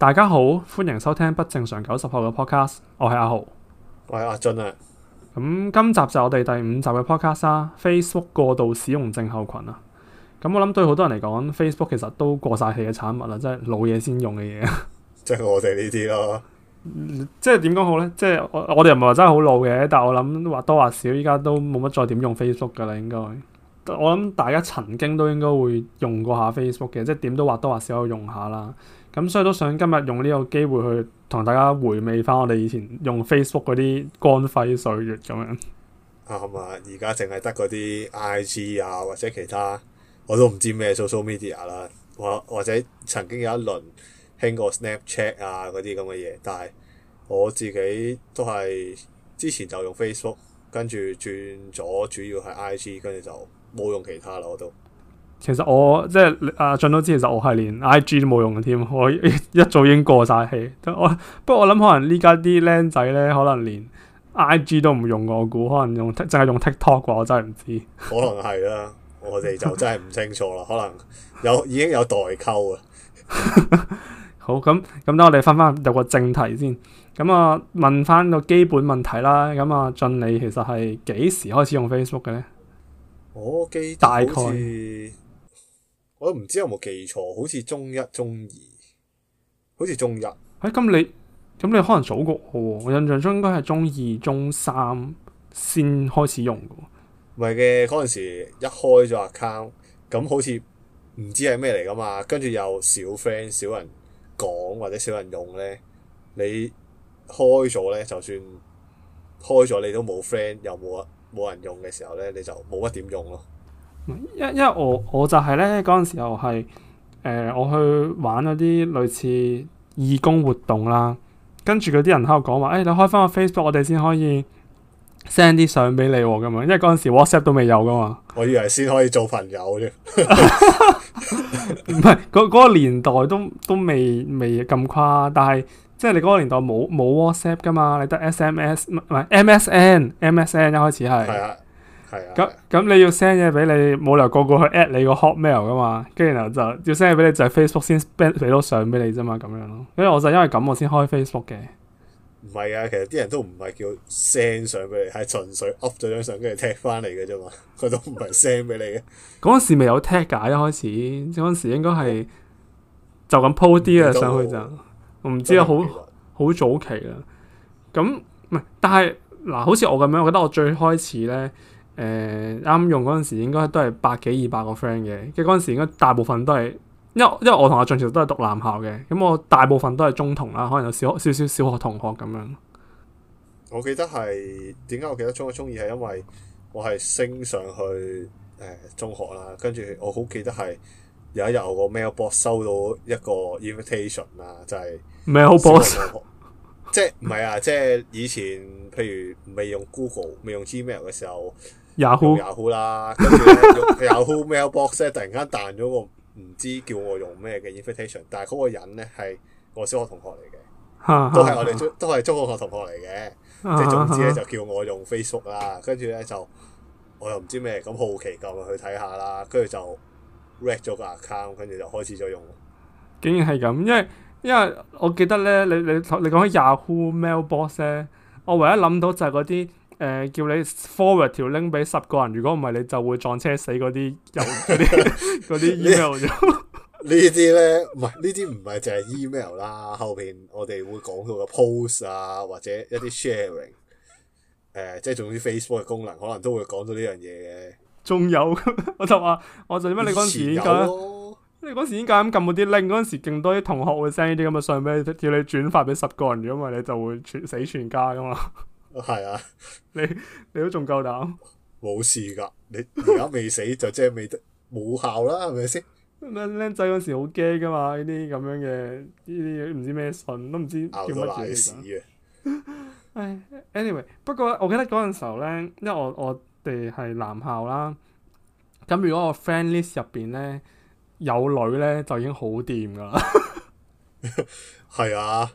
大家好，歡迎收聽不正常九十後嘅 podcast，我係阿豪，我係阿俊啊。咁今集就我哋第五集嘅 podcast 啦、啊。Facebook 過度使用症候群啊，咁我諗對好多人嚟講，Facebook 其實都過晒氣嘅產物啦，即係老嘢先用嘅嘢、嗯。即係我哋呢啲咯，即係點講好咧？即係我哋又唔係話真係好老嘅，但係我諗或多或少，依家都冇乜再點用 Facebook 噶啦。應該我諗大家曾經都應該會用過下 Facebook 嘅，即係點都或多或少有用下啦。咁所以都想今日用呢個機會去同大家回味翻我哋以前用 Facebook 嗰啲光輝歲月咁樣。啊，同埋而家淨係得嗰啲 IG 啊，或者其他我都唔知咩 social media 啦，或或者曾經有一輪興過 Snapchat 啊嗰啲咁嘅嘢，但係我自己都係之前就用 Facebook，跟住轉咗主要係 IG，跟住就冇用其他啦，我都。其實我即係阿俊都知，其實我係連 I G 都冇用嘅添，我一早已經過晒氣。我不過我諗可能呢家啲僆仔咧，可能連 I G 都唔用，我估可能用淨係用 TikTok 啩，我真係唔知。可能係啦，我哋就真係唔清楚啦。 可能有已經有代溝啊。 好，咁咁，等我哋翻翻入個正題先。咁啊，問翻個基本問題啦。咁啊，俊你其實係幾時開始用 Facebook 嘅咧？我記大概。我都唔知有冇記錯，好似中一、中二，好似中一。喺咁、哎、你咁你可能早過我，我印象中應該係中二、中三先開始用嘅。唔係嘅，嗰陣時一開咗 account，咁好似唔知係咩嚟噶嘛。跟住有少 friend、少人講或者少人用咧，你開咗咧，就算開咗你都冇 friend，又冇啊冇人用嘅時候咧，你就冇乜點用咯。因因為我我就係呢嗰陣時候係誒、呃、我去玩嗰啲類似義工活動啦，跟住嗰啲人喺度講話，誒、欸、你開翻個 Facebook，我哋先可以 send 啲相俾你咁啊！因為嗰陣時 WhatsApp 都未有噶嘛。我以為先可以做朋友啫，唔係嗰嗰個年代都都未未咁誇，但係即係你嗰個年代冇冇 WhatsApp 噶嘛，你得 SMS 唔係 MSN，MSN 一開始係。係啊。係啊，咁咁你要 send 嘢俾你，冇理由個個去 at 你個 hotmail 噶嘛，跟住然後就要 send 嘢俾你就係 Facebook 先俾到相俾你啫嘛，咁樣咯。因為我就因為咁我先開 Facebook 嘅。唔係啊，其實啲人都唔係叫 send 相俾你，係純粹 up 咗張相跟住踢翻嚟嘅啫嘛，佢 都唔係 send 俾你嘅。嗰時未有 tag 噶，一開始，嗰時應該係就咁 po 啲啊上去就，唔知好好早期啦。咁唔係，但係嗱，好似我咁樣，我覺得我最開始咧。誒、啱、嗯、用嗰陣時應該都係百幾二百個 friend 嘅，跟住嗰陣時應該大部分都係，因為因為我同阿俊其實都係讀男校嘅，咁、嗯、我大部分都係中同啦，可能有少少少小學同學咁樣。我記得係點解我記得中一中二係因為我係升上去誒、呃、中學啦，跟住我好記得係有一日我個 mail box 收到一個 invitation 啊，就係 mail box，即係唔係啊，即係以前譬如未用 Google 未用 Gmail 嘅時候。Yahoo、ah、啦，跟住 Yahoo Mail Box 咧，ah、 突然間彈咗個唔知叫我用咩嘅 invitation，但係嗰個人咧係我小學同學嚟嘅， 都係我哋都係中學同學嚟嘅，即係 總之咧就叫我用 Facebook 啦，跟住咧就我又唔知咩，咁好奇咁去睇下啦，跟住就 red 咗個 account，跟住就開始咗用。竟然係咁，因為因為我記得咧，你你你講起 Yahoo Mail Box 咧，我唯一諗到就係嗰啲。誒、呃、叫你 forward 條 link 俾十個人，如果唔係你就會撞車死嗰啲，有嗰啲 email。呢啲咧唔係，呢啲唔係就係 email 啦。後邊我哋會講到個 post 啊，或者一啲 sharing、 呃。誒，即係總之 Facebook 嘅功能可能都會講到呢樣嘢嘅。仲有，我就話，我就點解你嗰時點解、啊、你嗰時點解咁撳嗰啲 link？嗰陣時勁多啲同學會 send 呢啲咁嘅信俾你，叫你轉發俾十個人，如果唔係你就會全死全家噶嘛。係啊， 你你都仲夠膽？冇事噶，你而家未死 就即係未得冇效啦，係咪先？僆僆仔嗰時好驚噶嘛？呢啲咁樣嘅呢啲唔知咩信，都唔知叫乜嘢。事嘅。 唉，anyway，不過我記得嗰陣時候咧，因為我我哋係男校啦，咁如果我 friend list 入邊咧有女咧，就已經好掂噶啦。係 啊，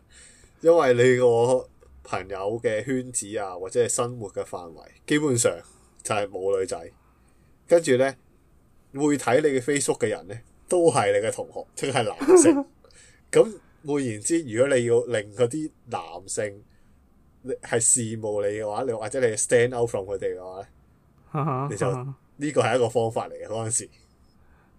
因為你我。朋友嘅圈子啊，或者係生活嘅範圍，基本上就係冇女仔。跟住咧，會睇你嘅 Facebook 嘅人咧，都係你嘅同學，即係男性。咁換哈哈 言之，如果你要令嗰啲男性，你係羨慕你嘅話，你或者你 stand out from 佢哋嘅話咧，哈哈你就呢個係一個方法嚟嘅。嗰陣時，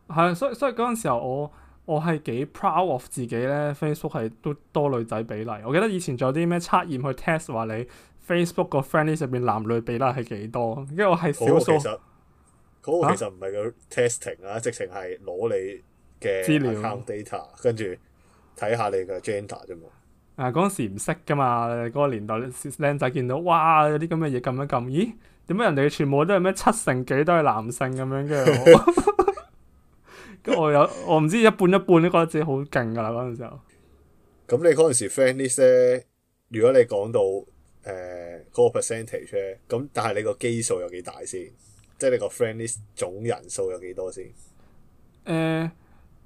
係啊，所以所以嗰陣時候我。我係幾 proud of 自己咧，Facebook 係都多女仔比例。我記得以前仲有啲咩測驗去 test 話你 Facebook 個 friend list 入邊男女比例係幾多，因為我係少數。其實唔係個 testing 啊，直情係攞你嘅資料 data，跟住睇下你嘅 gender 啫嘛。啊，嗰陣時唔識噶嘛，嗰個年代靚仔見到哇，啲咁嘅嘢撳一撳，咦？點解人哋全部都係咩七成幾都係男性咁樣？ 我有，我唔知一半一半都覺得自己好勁噶啦嗰陣時候。咁你嗰陣時 friend 啲些，如果你講到誒嗰個 percentage 咧，咁但係你個基數有幾大先？即係你個 friend 啲總人數有幾多先？誒、呃，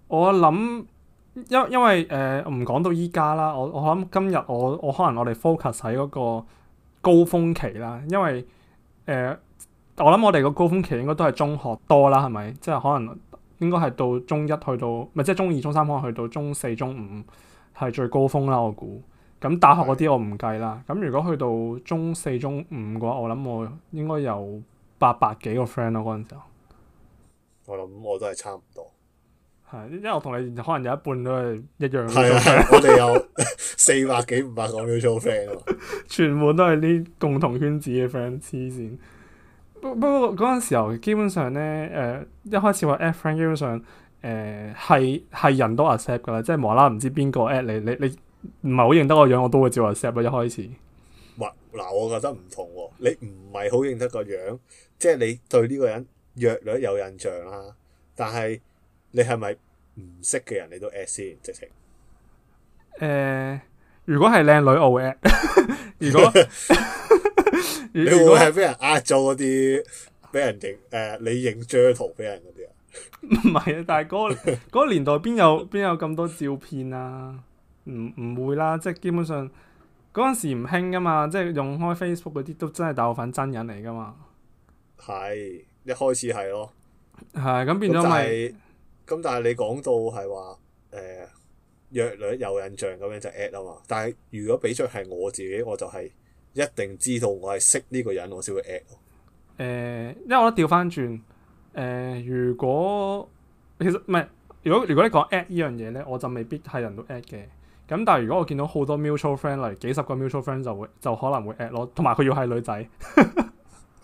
我諗因因為誒唔講到依家啦，我我諗今日我我可能我哋 focus 喺嗰個高峰期啦，因為誒我諗我哋個高峰期應該都係中學多啦，係咪？即係可能。應該係到中一去到，唔係即係中二、中三可能去到中四、中五係最高峰啦。我估咁大學嗰啲我唔計啦。咁的如果去到中四、中五嘅話，我諗我應該有八百幾個 friend 咯、啊。嗰陣時候，我諗我都係差唔多，係因為我同你可能有一半都係一樣。係啊，我哋有四百幾、五百個 mutual friend 咯，全部都係啲共同圈子嘅 friend，黐線。不不過嗰、那個、時候基本上咧，誒、呃、一開始話 at friend 基本上誒係係人都 accept 噶啦，即係無啦唔知邊個 at 你，你你唔係好認得個樣，我都會照 accept。一開始，嗱，我覺得唔同喎、哦，你唔係好認得個樣，即係你對呢個人約略有印象啦，但係你係咪唔識嘅人你都 at 先直情？誒、呃，如果係靚女我會 at， 如果。 以你會係俾人 at 咗嗰啲，俾人影誒，你影張圖俾人嗰啲啊？唔係啊，大哥，嗰個年代邊有邊有咁多照片啊？唔唔會啦，即係基本上嗰陣時唔興噶嘛，即係用開 Facebook 嗰啲都真係大部分真人嚟噶嘛。係，一開始係咯，係咁變咗咪、就是？咁、就是、但係你講到係話誒，若、呃、略有印象咁樣就 at 啊嘛。但係如果俾出係我自己，我就係、是。一定知道我係識呢個人，我先會 at。誒、呃，因為我覺得調翻轉，誒、呃，如果其實唔係，如果如果你講 at 呢樣嘢咧，我就未必係人都 at 嘅。咁但係如果我見到好多 mutual friend 嚟，幾十個 mutual friend 就會就可能會 at 咯，同埋佢要係女仔。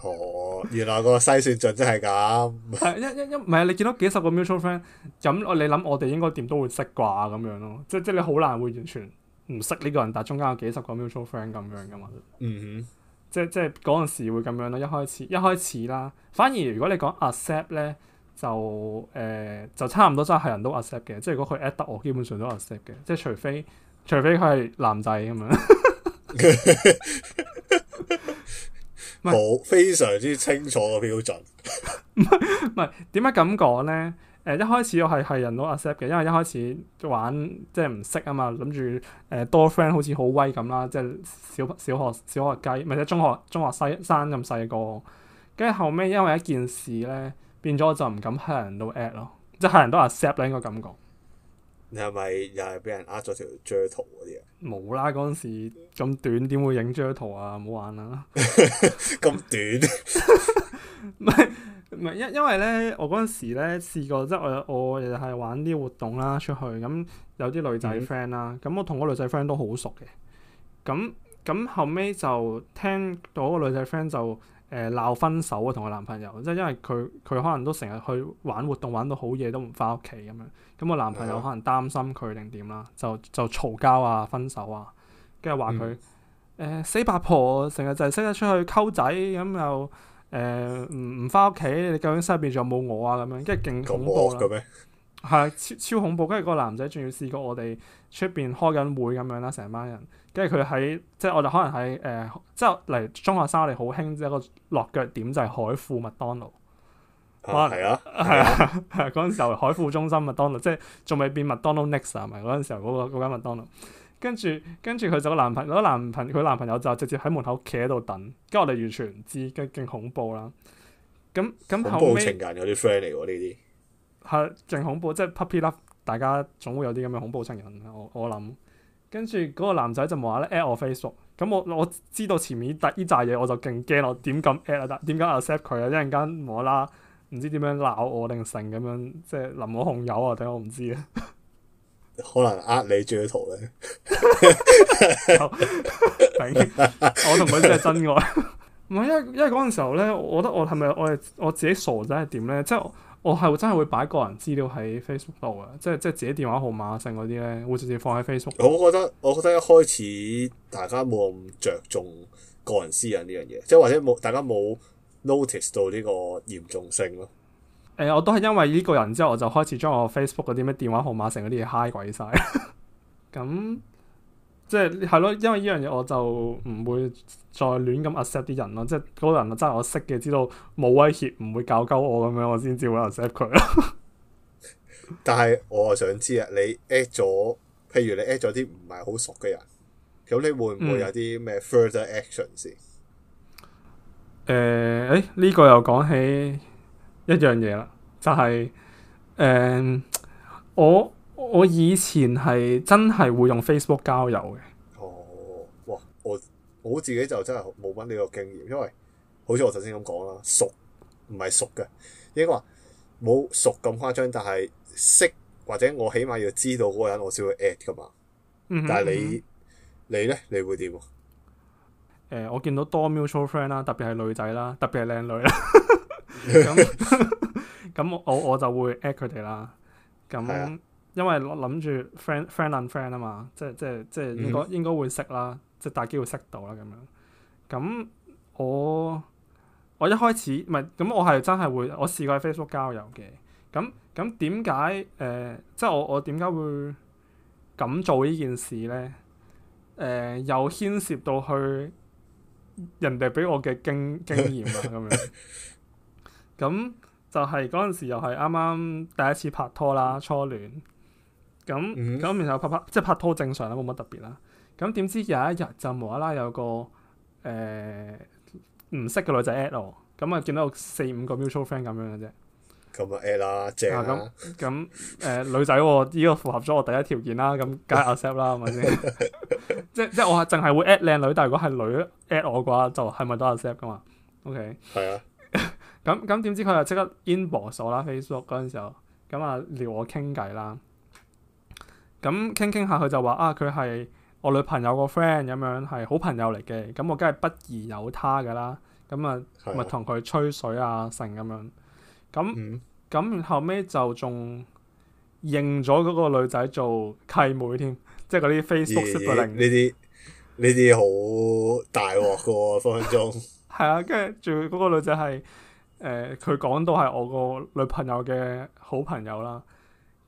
哦，原來個篩選盡真係咁。一一一唔係你見到幾十個 mutual friend，咁我你諗我哋應該點都會識啩咁樣咯？即即係你好難會完全。唔識呢個人，但中間有幾十個 mutual friend 咁樣噶嘛，嗯哼，即係即係嗰陣時會咁樣咯。一開始一開始啦，反而如果你講 accept 咧，就誒、呃、就差唔多真係人都 accept 嘅。即係如果佢 add 得我，基本上都 accept 嘅。即係除非除非佢係男仔咁樣。好，非常之清楚嘅標準。唔係唔係，點解咁講咧？誒、uh, 一開始我係係人都 accept 嘅，因為一開始玩即係唔識啊嘛，諗住誒多 friend 好似好威咁啦，即係小小學小學雞，咪係即係中學中學，中學西生咁細個。跟住後尾因為一件事咧，變咗就唔敢黑人到 at 咯，即係黑人都 accept 咧、呢個感覺。你係咪又係俾人呃咗條 J 圖嗰啲啊？冇啦，嗰陣時咁短點會影 J 圖啊？唔好玩啦，咁短。 唔係因因為咧，我嗰陣時咧試過，即係我我日係玩啲活動啦出去，咁有啲女仔 friend 啦，咁、嗯、哼我同個女仔 friend 都好熟嘅。咁咁後尾就聽到個女仔 friend 就誒鬧、呃、分手啊，同佢男朋友，即係因為佢佢可能都成日去玩活動，玩到好夜都唔翻屋企咁樣。咁、個男朋友可能擔心佢定點啦，就就嘈交啊，分手啊，跟住話佢誒死八婆，成日就係識得出去溝仔咁又。誒，唔唔翻屋企，你究竟身邊仲有冇我啊？咁樣，跟住勁恐怖啦，係超超恐怖。跟住個男仔仲要試過我哋出邊開緊會咁樣啦，成班人。跟住佢喺，即係我哋可能喺誒、呃，即係例如中學生嚟好興，一個落腳點就係海富麥當勞。嗯、可能係、嗯、啊，係、嗯、是啊，係嗰陣時候海富中心麥當勞， 即係仲未變麥當勞 Next 啊，咪嗰陣時候嗰、那個嗰間麥當勞。跟住，跟住佢就個男朋友，男朋佢男朋友就直接喺門口企喺度等，跟住我哋完全唔知，跟勁恐怖啦。咁咁後尾，我啲 friend 嚟呢啲，係勁、啊、恐怖，即係 puppy love，大家總會有啲咁嘅恐怖情人。我我諗，跟住嗰個男仔就冇話咧，at 我 Facebook，咁我我知道前面呢依紮嘢，我就勁驚咯，點敢 at 啊？點解 accept 佢啊？因為一陣間無啦啦，唔知點樣鬧我定成咁樣，即係淋我控油啊！定係我唔知啊！ 可能呃你最圖咧，我同佢真係真愛，唔係，因為因為嗰陣時候咧，我覺得我係咪我係我自己傻仔係點咧？即係我係真係會擺個人資料喺 Facebook 度啊，即係即係自己電話號碼剩嗰啲咧，會直接放喺 Facebook。我覺得，我覺得一開始大家冇咁着重個人私隱呢樣嘢，即係或者冇大家冇 notice 到呢個嚴重性咯。誒、呃，我都係因為呢個人之後，我就開始將我 Facebook 嗰啲咩電話號碼成嗰啲嘢 high 鬼晒。咁即係係咯，因為呢樣嘢我就唔會再亂咁 accept 啲人咯。即係嗰個人真係我識嘅，知道冇威脅，唔會搞鳩我咁樣，我先至會 accept 佢。 但係我想知啊，你 add 咗，譬如你 add 咗啲唔係好熟嘅人，咁你會唔會有啲咩 further actions？誒、嗯、誒、呃，呢、欸這個又講起。一樣嘢啦，就係、是、誒、嗯，我我以前係真係會用 Facebook 交友嘅。哦，哇，我我自己就真係冇乜呢個經驗，因為好似我頭先咁講啦，熟唔係熟嘅，應該話冇熟咁誇張，但係識或者我起碼要知道嗰個人，我先會 at 㗎嘛。但係你嗯嗯嗯你咧，你會點？誒、呃，我見到多 mutual friend 啦，特別係女仔啦，特別係靚女啦。咁咁 我我就會 at 佢哋啦，咁的因為諗住 friend friend and friend 啊嘛，即係即係即係應該、嗯、應該會識啦，即係大機會識到啦咁樣。咁我我一開始唔係咁，我係真係會我試過喺 Facebook 交友嘅。咁咁點解誒，即係我我點解會咁做呢件事咧？誒、呃，又牽涉到去人哋俾我嘅經經驗啊咁樣。 咁就係嗰陣時又係啱啱第一次拍拖啦，初戀。咁咁 然後拍拍即係拍拖正常啦，冇乜特別啦。咁點知有一日就無啦啦有個誒唔、呃、識嘅女仔 at 我，咁啊見到有四五個 mutual friend 咁樣嘅啫。咁、嗯、啊 at 啦正啦。咁誒、呃、女仔呢、呢個符合咗我第一條件啦，咁梗係 accept 啦、 啊，係咪先？即係即係我係淨係會 at 靚女，但係如果係女 at 我嘅話，就係、是、咪都係 accept 噶嘛？OK。係啊。咁咁點知佢又即刻 inbox 我啦，Facebook 嗰陣時候，咁啊撩我傾偈啦。咁傾傾下佢就話啊，佢係我女朋友個 friend 咁樣，係好朋友嚟嘅。咁我梗係不疑有他噶啦。咁啊，咪同佢吹水啊，成咁樣。咁咁、嗯、後尾就仲認咗嗰個女仔做契妹添，即係嗰啲 Facebook sibling。呢啲呢啲好大鑊噶喎，分分鐘。係啊，跟住仲嗰個女仔係。誒，佢講到係我個女朋友嘅好朋友啦，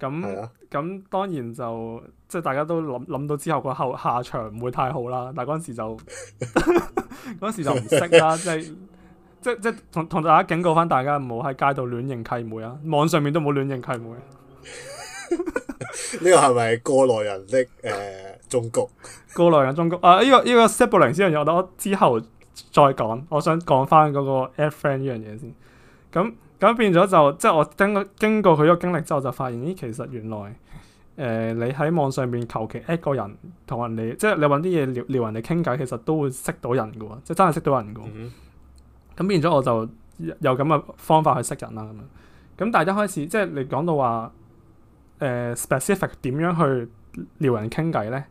咁咁是、啊嗯、當然就即係大家都諗諗到之後個後下場唔會太好啦，但係嗰陣時就嗰陣 時就唔識啦，即係即即同同大家警告翻大家唔好喺街度亂認契妹啊，網上面都唔好亂認契妹。呢 個係咪過來人的誒、呃，中局？ 過來人中局啊！呢、這個呢、這個 siblings 先有得之後。再講，我想講翻嗰個 add friend 呢樣嘢先。咁咁變咗就即係我經經過佢個經歷之後，就發現咦，其實原來誒、呃、你喺網上邊求其 add 個人同人哋，即係你揾啲嘢撩撩人哋傾偈，其實都會識到人嘅喎，即係真係識到人嘅。咁、嗯嗯、變咗我就有咁嘅方法去識人啦。咁樣咁但一開始即係你講到話誒、呃、specific 點樣去撩人傾偈咧？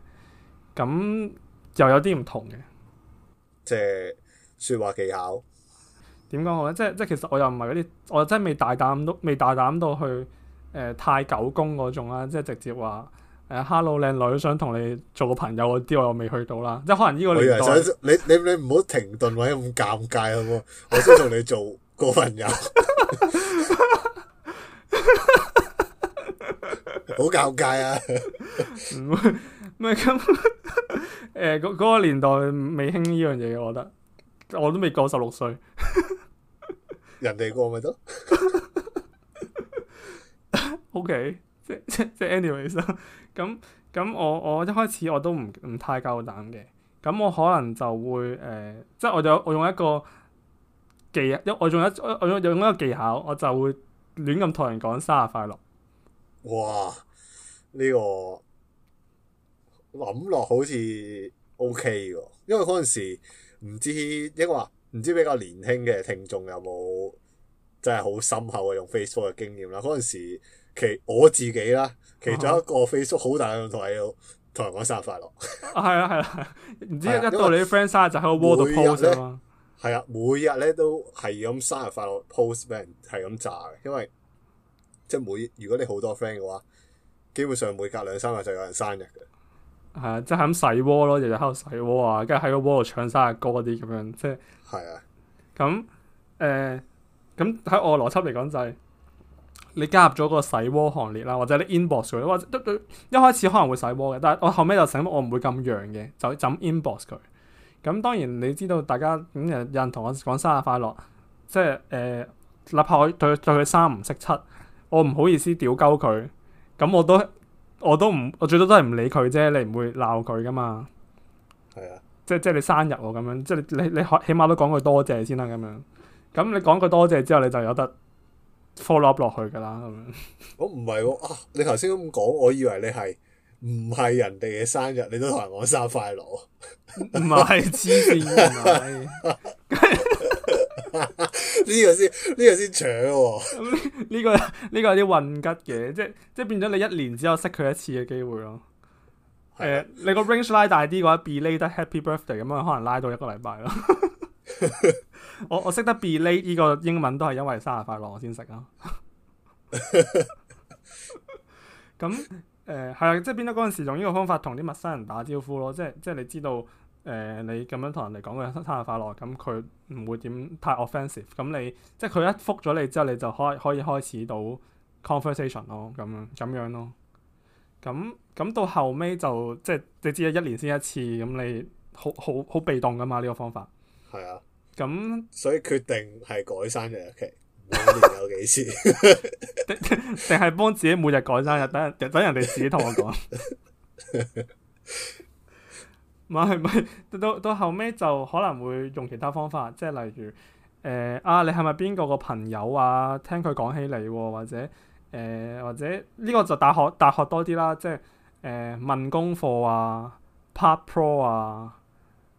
咁又有啲唔同嘅。即係說話技巧，點講好咧？即係即係，其實我又唔係嗰啲，我真係未大膽到，未大膽到去誒太狗公嗰種啦。即係直接話誒，hello 靚女，想同你做個朋友嗰啲，我又未去到啦。即係可能呢個年代，你你你唔好停頓或者咁尷尬好好？我想同你做個朋友，好尷尬啊 唔會！唔係咁。誒，嗰嗰個年代未興呢樣嘢嘅，我覺得我都未過十六歲，人哋過咪得。O K，即即即 anyway 咁咁，我我一開始我都唔唔太夠膽嘅。咁我可能就會誒，即我有我用一個技，一我用一我用一個技巧，我就會亂咁同人講生日快樂。哇！呢個～諗落好似 O K 喎，因為嗰陣時唔知應該話唔知比較年輕嘅聽眾有冇真係好深厚嘅用 Facebook 嘅經驗啦。嗰陣時其我自己啦，其中一個 Facebook 好大嘅用途係同人講生日快樂。係啊，係 啊，唔、啊啊、知一到你啲 friend 生日就喺個 wall 度 post 啊每日咧、 啊、都係咁生日快樂 post 俾人係咁炸嘅，因為即係每如果你好多 friend 嘅話，基本上每隔兩三日就有人生日嘅。係啊，即係咁洗鍋咯，日日喺度洗鍋啊，跟住喺個鍋度唱生日歌嗰啲咁樣，即係。係啊，咁誒，咁、呃、喺我邏輯嚟講就係、是，你加入咗個洗鍋行列啦，或者你 inbox 佢，或者一一開始可能會洗鍋嘅，但係我後尾就醒，我唔會咁樣嘅，就咁 inbox 佢。咁當然你知道，大家咁、嗯、有人同我講生日快樂，即係誒，哪、呃、怕我對對佢三唔識七，我唔好意思屌鳩佢，咁我都。我都唔，我最多都係唔理佢啫，你唔會鬧佢噶嘛。係啊，即係即係你生日喎，咁樣即係你你你起起碼都講句多謝先啦，咁樣。咁你講句多謝之後，你就有得 follow up 落去噶啦，咁樣，哦。我唔係喎，你頭先咁講，我以為你係唔係人哋嘅生日，你都同我生日快樂。唔係黐線嘅，唔係。 呢個先，呢、這個先搶喎！呢、這個呢、這個有啲混吉嘅，即即變咗你一年只有識佢一次嘅機會咯。誒、 呃，你個 range 拉大啲嘅話 ，be late 得 happy birthday 咁樣，可能拉到一個禮拜咯。我我識得 be late 呢個英文都係因為生日快樂我先識咯。咁誒係啊， 呃、即變咗嗰陣時用呢個方法同啲陌生人打招呼咯，即即你知道。誒、呃，你咁樣同人哋講嘅生日快樂，咁佢唔會點太 offensive。咁你即係佢一覆咗你之後，你就可以可以開始到 conversation 咯，咁樣咁樣咯。咁咁到後尾就即係你知一年先一次，咁你好好好，好被動噶嘛呢、呢個方法。係啊。咁、嗯、所以決定係改生日日期，仲、OK？有幾次？定定係幫自己每日改生日？等人等人哋自己同我講。 唔係唔係，到到後尾就可能會用其他方法，即係例如誒、呃、啊，你係咪邊個個朋友啊？聽佢講起你、喎，或者誒、呃、或者呢、個就大學大學多啲啦，即係誒、呃、問功課啊、part pro 啊，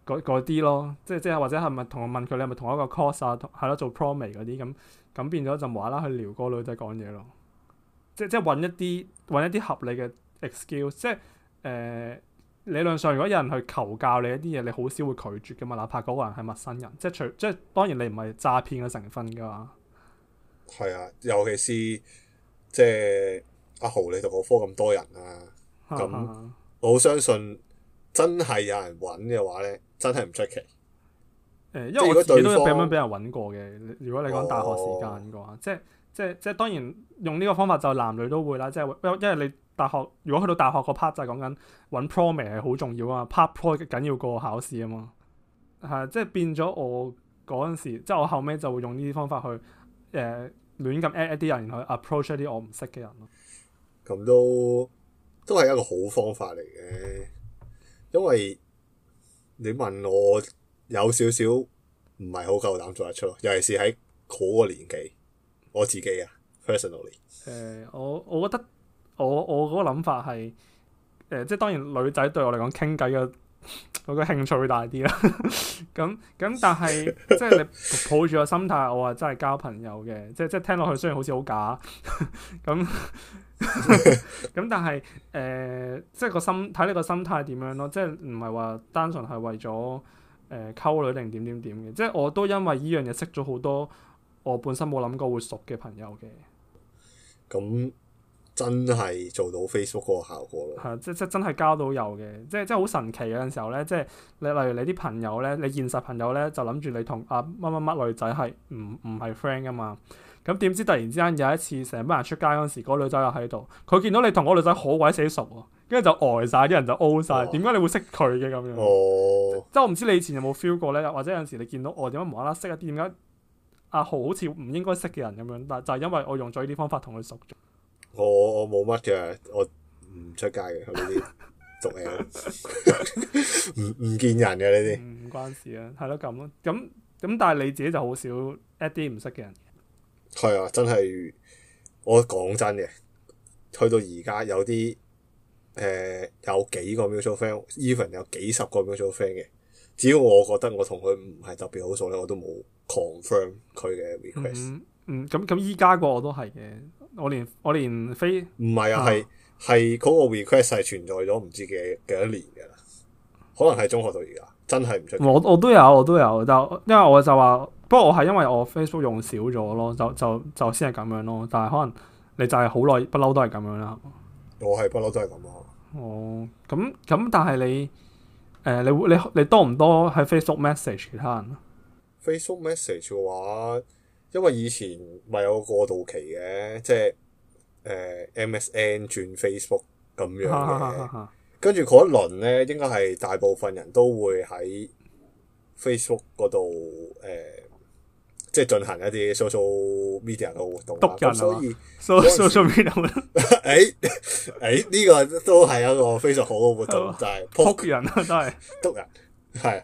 嗰嗰啲咯，即係即係或者係咪同問佢你係咪同一個 course 啊？係咯，做 promi 嗰啲咁咁變咗就無啦啦去撩個女仔講嘢咯，即即係揾一啲揾一啲合理嘅 excuse，即係誒。呃理論上，如果有人去求教你一啲嘢，你好少會拒絕㗎嘛，哪怕嗰個人係陌生人，即係除即係當然你唔係詐騙嘅成分噶嘛。係啊，尤其是即係阿豪，你同我科咁多人啊，咁我好相信真係有人揾嘅話咧，真係唔出奇。誒，因為我自己都有咁樣俾人揾過嘅。如果你講大學時間嘅話，哦、即係即係即係，當然用呢個方法就男女都會啦，即係因因為你。大學如果去到大學個 part 就係講緊揾 promising 係好重要啊，part pro 咁緊要過考試啊嘛，係即係變咗我嗰陣時，即係我,我後尾就會用呢啲方法去誒亂咁 add 啲人，然後 approach 一啲我唔識嘅人咯。咁、嗯、都都係一個好方法嚟嘅，因為你問我有少少唔係好夠膽做得出，尤其是喺嗰個年紀，我自己啊，personally。誒、呃，我我覺得。我我嗰個諗法係誒、呃，即係當然女仔對我嚟講傾偈嘅嗰個興趣會大啲啦。咁 咁、嗯嗯、但係 即係你抱住個心態，我話真係交朋友嘅，即係即係聽落去雖然好似好假，咁 咁、嗯 嗯、但係誒、呃，即係個心睇你個心態點樣咯，即係唔係話單純係為咗誒溝女定點點點嘅，即係我都因為呢樣嘢識咗好多我本身冇諗過會熟嘅朋友嘅。咁真係做到 Facebook 嗰個效果咯，係即即真係交到友嘅，即係即係好神奇嗰陣時候咧，即你例如你啲朋友咧，你現實朋友咧就諗住你同阿乜乜乜女仔係唔唔係 friend 噶嘛，咁點知突然之間有一次成班人出街嗰陣時，嗰個女仔又喺度，佢見到你同嗰個女仔好鬼死熟喎，跟住就呆晒啲人就 O 晒。點解、哦、你會識佢嘅咁樣？哦，即我唔知你以前有冇 feel 過咧，或者有陣時你見到我點解無啦啦識一啲點解阿豪好似唔應該識嘅人咁樣，但就係因為我用咗呢啲方法同佢熟咗。我我冇乜嘅，我唔出街嘅呢啲獨嘢，唔唔 讀音 見人嘅呢啲。唔、嗯、關事啊，係咯咁咯，咁咁但係你自己就好少 add 啲唔識嘅人。係啊、嗯，真係我講真嘅，去到而家有啲，誒、呃、有幾個 mutual friend，even 有幾十個 mutual friend 嘅，只要我覺得我同佢唔係特別好熟咧，我都冇 confirm 佢嘅 request。嗯嗯，咁咁依家個我都係嘅，我連我連 Face 唔係啊，係係嗰個 request 係存在咗唔知幾幾多年嘅啦，嗯、可能係中學到而家，真係唔出。我我都有我都有，就因為我就話，不過我係因為我 Facebook 用少咗咯，就就就先係咁樣咯。但係可能你就係好耐不嬲都係咁樣啦。我係不嬲都係咁啊。哦，咁咁但係你誒、呃、你你你，你，你多唔多喺 Facebook message 其他人？Facebook message 嘅話。因為以前咪有個過渡期嘅，即係誒、呃、MSN 轉 Facebook 咁樣嘅，啊啊啊、跟住嗰一輪咧，應該係大部分人都會喺 Facebook 嗰度誒、呃，即係進行一啲 social media 嘅活動。讀人啊！所以 so social media 誒呢個都係一個非常好嘅活動，就係 poke 人啊，對， 讀人係。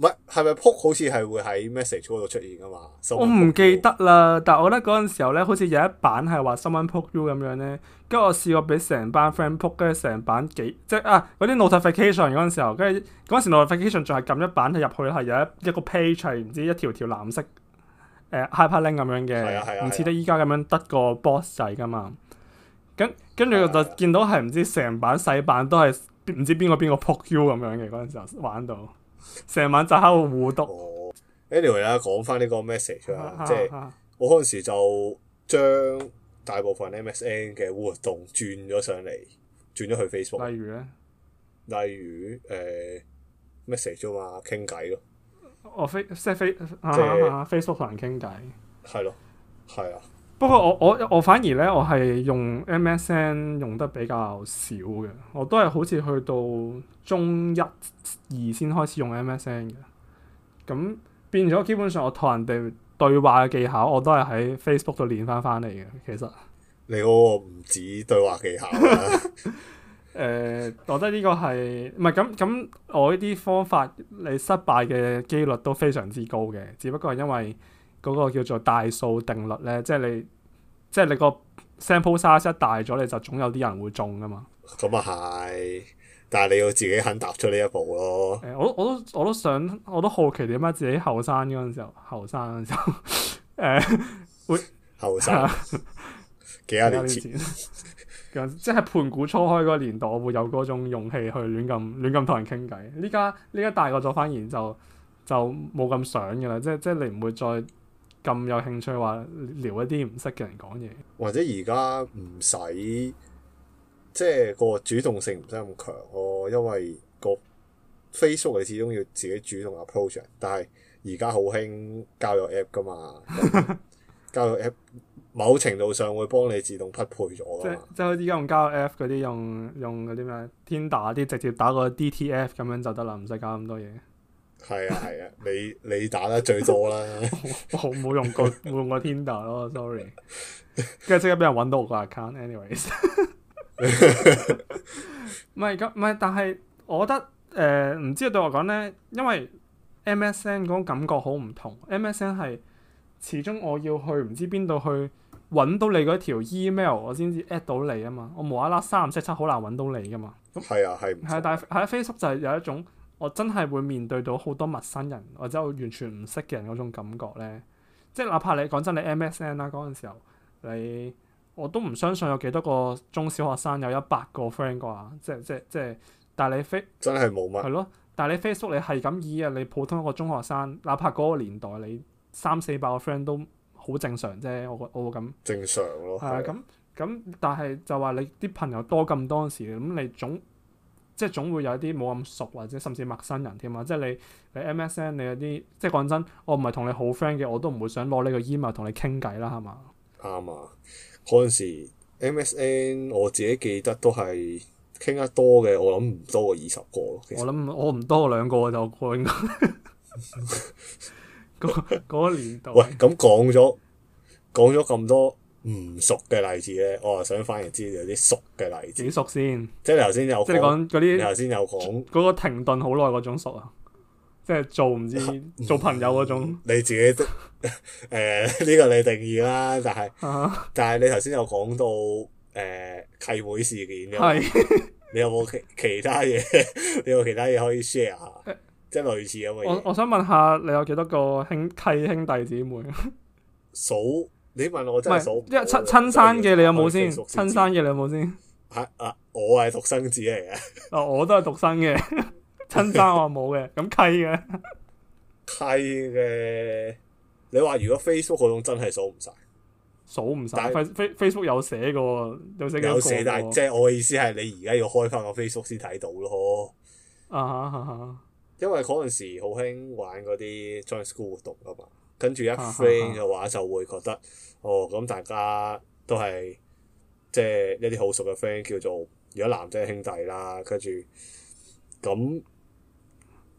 唔係，係咪扑好似係會喺 message 嗰度出現噶嘛？我唔記得啦，但係我覺得嗰陣時候咧，好似有一版係話 someone 扑 you 咁樣咧，跟住我試過俾成班 friend 扑，跟住成版幾即係啊嗰啲 notification 嗰陣時候，跟住嗰陣時 notification 仲係撳一版入去係有一有一個 page 係唔知一條條藍色誒、呃、hyperlink 咁樣嘅，唔似得依家咁樣得個 boss 仔噶嘛。跟跟住就、啊、見到係唔知成版細版都係唔知邊個邊個扑 you 咁樣嘅嗰陣時候玩到。成晚就喺度互讀。哦、anyway 啦，講翻呢個 message 啊，啊即係我嗰陣時就將大部分 MSN 嘅活動轉咗上嚟，轉咗去 Facebook。例如咧，例如誒 message 啊嘛，傾偈咯。哦，Face 即係 Face 即係 Facebook 同人傾偈。係咯，係啊。不過我我我反而咧，我係用 MSN 用得比較少嘅，我都係好似去到中一二先開始用 MSN 嘅。咁變咗，基本上我同人哋對話嘅技巧，我都係喺 Facebook 度練翻翻嚟嘅。其實你嗰個唔止對話技巧啦、啊。我、 呃、覺得呢個係唔係咁咁？我呢啲方法，你失敗嘅機率都非常之高嘅，只不過係因為。嗰個叫做大數定律咧，即係你，即係你個 sample size 一大咗，你就總有啲人會中噶嘛。咁啊係，但係你要自己肯踏出呢一步咯。誒，我我都我都想，我都好奇點解自己後生嗰陣時候，後生嗰陣時候，誒會後生幾多年前，即係盤古初開嗰個年代，我會有嗰種勇氣去亂咁亂咁同人傾偈。呢家依家大個咗，反而就就冇咁想噶啦，即係即係你唔會再。咁有興趣話聊一啲唔識嘅人講嘢，或者而家唔使即係個主動性唔使咁強咯，哦，因為個 Facebook 你始終要自己主動 approach，但係而家好興交友 app 㗎嘛，嗯、 交友 app 某程度上會幫你自動匹配咗，即即係依家用交友 app 嗰啲用用嗰啲咩 Tinder 啲，直接打個 DTF 咁樣就得啦，唔使搞咁多嘢。係啊，係啊，你你打得最多啦，我冇 用過用過 Tinder 咯，sorry，跟住即刻俾人搵到我個 account，anyways，唔係咁唔係，但係我覺得誒，唔、呃、知道對我講咧，因為 M S N 嗰種感覺好唔同，M S N 係始終我要去唔知邊度去搵到你嗰條 email，我先至 add 到你啊嘛，我無啦啦三唔識七好難搵到你噶嘛，咁係啊係係，但係喺 Facebook 就係有一種。我真係會面對到好多陌生人，或者我完全唔識嘅人嗰種感覺咧，即係哪怕你講真，你 MSN 啦、啊、嗰陣、那個、時候，你我都唔相信有幾多個中小學生有一百個 friend 啩、啊，即係即係即係，但係你 Face 真係冇乜，係咯，但係你 Facebook 你係咁以啊，你普通一個中學生，哪怕嗰個年代你三四百個 friend 都好正常啫、啊，我覺我會咁正常咯，係啊，咁、嗯、咁、嗯嗯嗯、但係就話你啲朋友多咁多時，咁你總即係總會有一啲冇咁熟或者甚至陌生人添嘛，即係你你 MSN 你有啲即係講真，我唔係同你好 friend 嘅，我都唔會想攞呢個 email 同你傾偈啦，係嘛？啱、嗯、啊！嗰陣時 MSN 我自己記得都係傾得多嘅，我諗唔多過二十個。我諗我唔多過兩個就過應該。 年度代 喂，咁講咗講咗咁多。唔熟嘅例子咧，我又想反而知有啲熟嘅例子。點熟先？即係頭先有，即係講嗰啲。頭先有講嗰個停頓好耐嗰種熟啊，即係做唔知做朋友嗰種。你自己都誒呢個你定義啦，但係但係你頭先有講到誒契妹事件嘅，你有冇其其他嘢？你有其他嘢可以 share 下，即係類似咁嘛。我我想問下，你有幾多個兄契兄弟姊妹數？你問我真係數，即係親親生嘅你有冇先？親生嘅你有冇先？係啊，啊，我係獨生子嚟嘅。 哦，我都係獨生嘅，親生我冇嘅，咁 契嘅，契嘅。你話如果 Facebook 嗰種真係數唔晒，數唔晒。Face 但 Facebook 有寫個，有寫有寫寫，了但係即係我嘅意思係你而家要開翻個 Facebook 先睇到咯。啊、uh，huh. 因為嗰陣時好興玩嗰啲 joint school 活動啊嘛。跟住一 friend 嘅話就會覺得， 哦咁大家都係即係一啲好熟嘅 friend，叫做如果男仔兄弟啦，跟住咁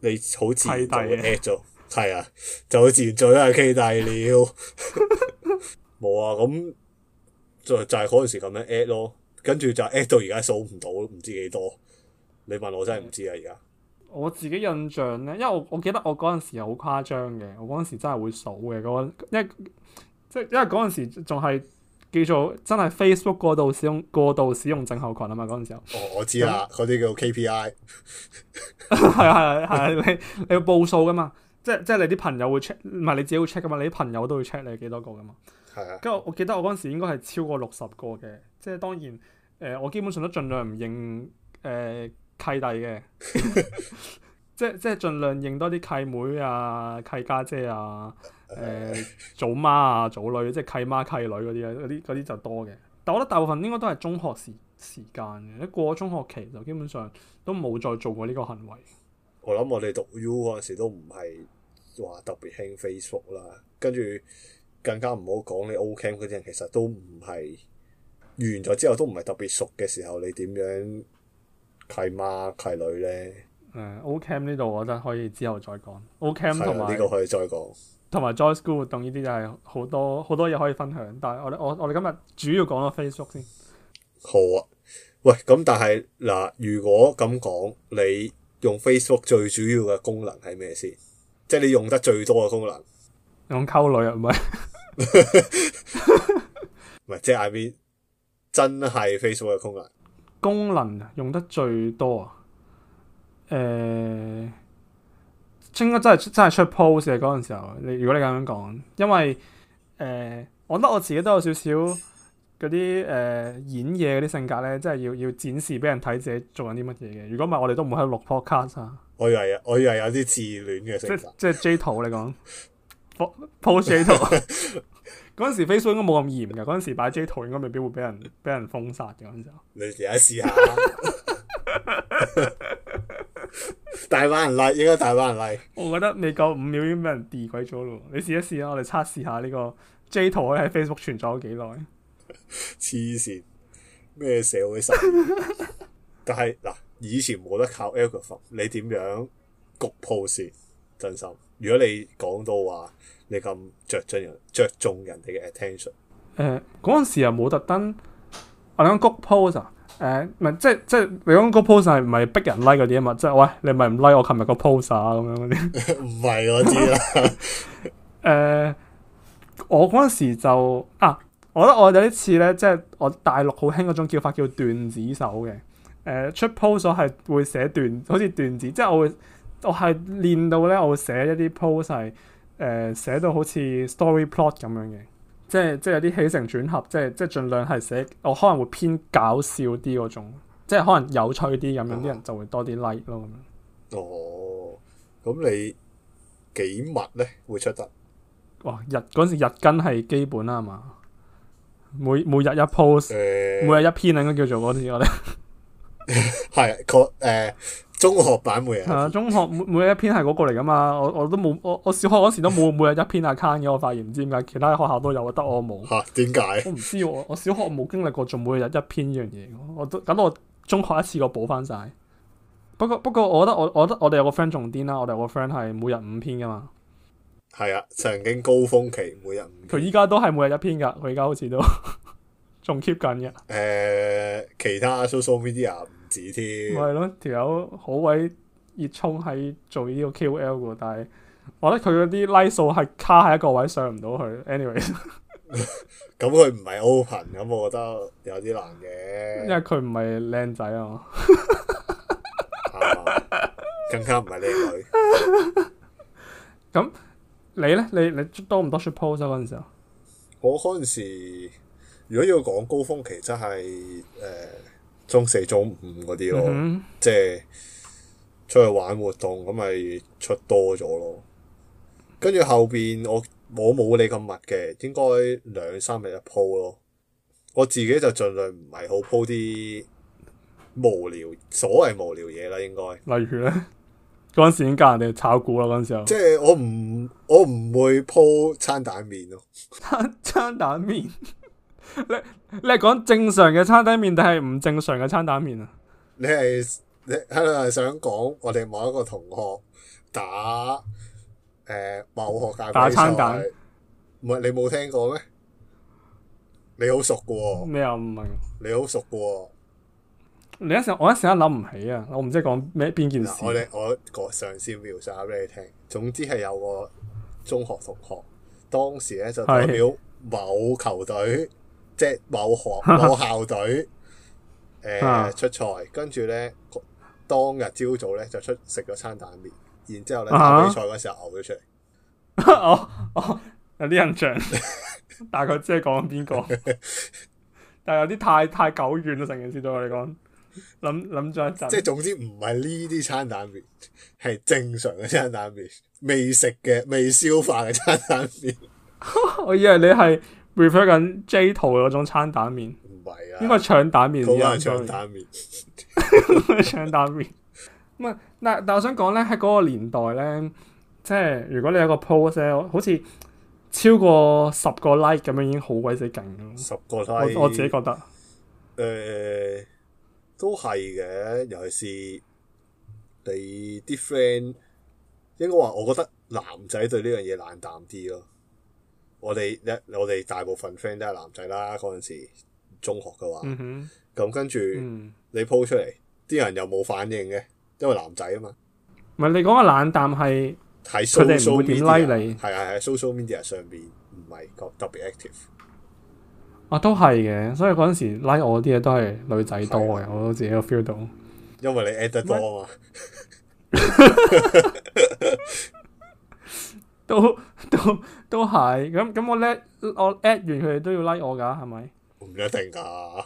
你好自然就會 at 咗，係 啊，就好自然做咗係 k 弟了。冇 啊，咁就，就就係嗰陣時咁樣 at 咯，跟住就 at 到而家數唔到，唔知幾多。你問我真係唔知啊，而家。 我自己印象咧，因為我我記得我嗰陣時係好誇張嘅，我嗰陣時真係會數嘅嗰，即即係因為嗰陣時仲係叫做真係 Facebook 過度使用過度使用症候群啊嘛嗰陣時候。哦、我知啦，嗰啲、嗯、叫 KPI。 係係係，你你要報數噶嘛？即係即係你啲朋友會 check，唔係你自己會 check 噶嘛？你啲朋友都會 check 你幾多個噶嘛？係啊。跟住我記得我嗰陣時應該係超過六十個嘅，即係當然誒、呃，我基本上都盡量唔認誒。呃契弟嘅，即係即係盡量認多啲契妹啊、契家姐，姐啊、誒、呃、祖媽啊、祖女，即係契媽契女嗰啲咧，嗰啲啲就多嘅。但我覺得大部分應該都係中學時時間嘅，一過中學期就基本上都冇再做過呢個行為。我諗我哋讀 U 嗰陣時都唔係話特別興 Facebook 啦，跟住更加唔好講你 O camp 嗰啲人，其實都唔係完咗之後都唔係特別熟嘅時候，你點樣？契媽契女咧，誒 O Camp 呢度，我覺得可以之後再講 O Camp 同埋，呢個可以再講，同埋和 Joy School 活動呢啲，就係好多好多嘢可以分享，但係我我我哋今日主要講個 Facebook 先。好啊！喂，咁但係嗱，啊，如果咁講，你用 Facebook 最主要嘅功能係咩先？即係你用得最多嘅功能，用溝女啊？唔係，唔係，即係 I mean, e 真係 Facebook 嘅功能。功能用得最多啊！誒、呃、應該真係真係出 post 嘅嗰陣，那個、時候，你如果你咁樣講，因為誒、呃，我覺得我自己都有少少嗰啲誒演嘢嗰啲性格咧，即係要要展示俾人睇自己做緊啲乜嘢嘅。如果唔係，我哋都唔會喺度錄 podcast 啊！我以為我以為有啲自戀嘅性格， 即即 J 圖你講 post J 嗰陣時 Facebook 應該冇咁嚴嘅，嗰陣時擺 J 圖應該未必會俾人俾人封殺嘅，咁就你試下試下， 大把人嚟，應該大把人嚟。我覺得未夠五秒已經俾人 delete 鬼咗咯，你嘗一嘗試一試啦，我哋測試下呢個 J 圖喺 Facebook 存咗幾耐。黐線咩社會實？ 但係嗱，以前冇得靠 algorithm 你點樣焗鋪線？真心，如果你講到話。你咁著重人著重人哋嘅 attention？誒嗰陣時又冇特登，我講谷 po 啊！誒唔係即係即係你講谷 po 係唔係逼人 like 嗰啲啊嘛？即係喂，你咪唔 like 我琴日個 po 啊咁樣嗰啲？唔係我知。啦。誒，我嗰陣時就啊，我覺得我有啲似咧，即係我大陸好興嗰種叫法叫段子手嘅。誒出 po 咗係會寫段，好似段子，即係我會我係練到咧，我會寫一啲 po 誒、呃、寫到好似 story plot 咁樣嘅，即係即係有啲起承轉合，即係即係盡量係寫，我、哦、可能會偏搞笑啲嗰種，即係可能有趣啲咁樣，啲、嗯、人就會多啲 like 咯咁樣。哦，咁你幾密咧會出得？哇、哦！日嗰陣時日更係基本啦，係嘛？每每日一 post、嗯、每日一篇應該叫做嗰啲我咧係佢誒。中學版冇啊！係啊，中學每每日一篇係嗰 個嚟噶嘛，我我都冇，我我小學嗰時都冇每日一篇 account 嘅， 我發現唔知點解其他學校都有，得我冇吓？點解、啊？我唔知、啊，我我小學冇經歷過，做每日一篇呢樣嘢，我都咁我中學一次過補翻晒。不過不過我我，我覺得我我覺得我哋有個 friend 仲癲啦，我哋有個 friend 係每日五篇噶嘛。係啊，曾經高峰期每日五篇。佢依家都係每日一篇噶，佢依家好似都仲 keep 緊嘅。誒 呃，其他 social media。係咯，條友好位熱衷喺做呢個 QL 嘅，但係我覺得佢嗰啲 like 數係卡喺一個位上唔到去。anyway，咁佢唔 係 open，咁我覺得有啲難嘅。因為佢唔係靚仔 啊嘛，更加唔係靚女、 啊。咁你咧？你你多唔多 suppose 嗰陣時候？我嗰陣時，如果要講高峰期，真係誒。呃中四、中五嗰啲咯，嗯、哼即係出去玩活動，咁咪出多咗咯。跟住後邊我我冇你咁密嘅，應該兩三日一鋪咯。我自己就盡量唔係好鋪啲無聊，所謂無聊嘢啦，應該。例如咧，嗰 陣時已經教人哋炒股啦，嗰陣時候。即係我唔我唔會鋪餐蛋麵咯，餐 餐蛋麵。你你係講正常嘅餐底麵定係唔正常嘅餐蛋麵啊？你係你喺度係想講我哋某一個同學打誒、呃、某學校打餐蛋，唔係你冇聽過咩？你好熟嘅咩啊？唔明麼你好熟嘅、哦，你一時我一時諗唔起啊！我唔知講咩邊件事、啊啊。我哋我個上司描述下俾你聽。總之係有個中學同學，當時咧就代表的某球隊。即係某學某校隊誒、 呃、出賽，跟住咧當日朝早咧就出食咗餐蛋麵，然之後咧打比賽嗰時候嘔咗出嚟。我我、 哦哦、有啲印象， 大概佢即係講邊個？ 但係有啲太太久遠啦，成件事對我嚟講，諗諗咗一陣。即係總之唔係呢啲餐蛋麵，係正常嘅餐蛋麵，未食嘅、未消化嘅餐蛋麵。 我以為你係。refer 緊 J 圖嗰種餐蛋麵，唔係啊，應該腸蛋麵先。好啊腸蛋麵，腸 蛋麵。唔係， 但但我想講咧，喺嗰個年代咧，即係如果你有個 post 好似超過個、like、十個 like 咁樣，已經好鬼死勁。十個 like，我自己覺得。誒、呃，都係嘅，尤其是你啲 friend，應該話我覺得男仔對呢樣嘢冷淡啲咯。我哋一我哋大部分 friend 都係男仔啦，嗰陣時中學嘅話，咁跟住你 po 出嚟，啲人又冇反應嘅，因為男仔啊嘛。唔係，你講個冷淡係，佢哋唔會點 like 你。係係係，social media 上邊唔係個特別 active。啊，都係嘅，所以嗰陣時 like 我啲嘢都係女仔多嘅，的我自己都 feel 到。因為你 at 得多啊嘛， 都。都都係咁咁，我叻 ad，我 at 完佢哋都要 like 我噶，係咪？唔一定噶，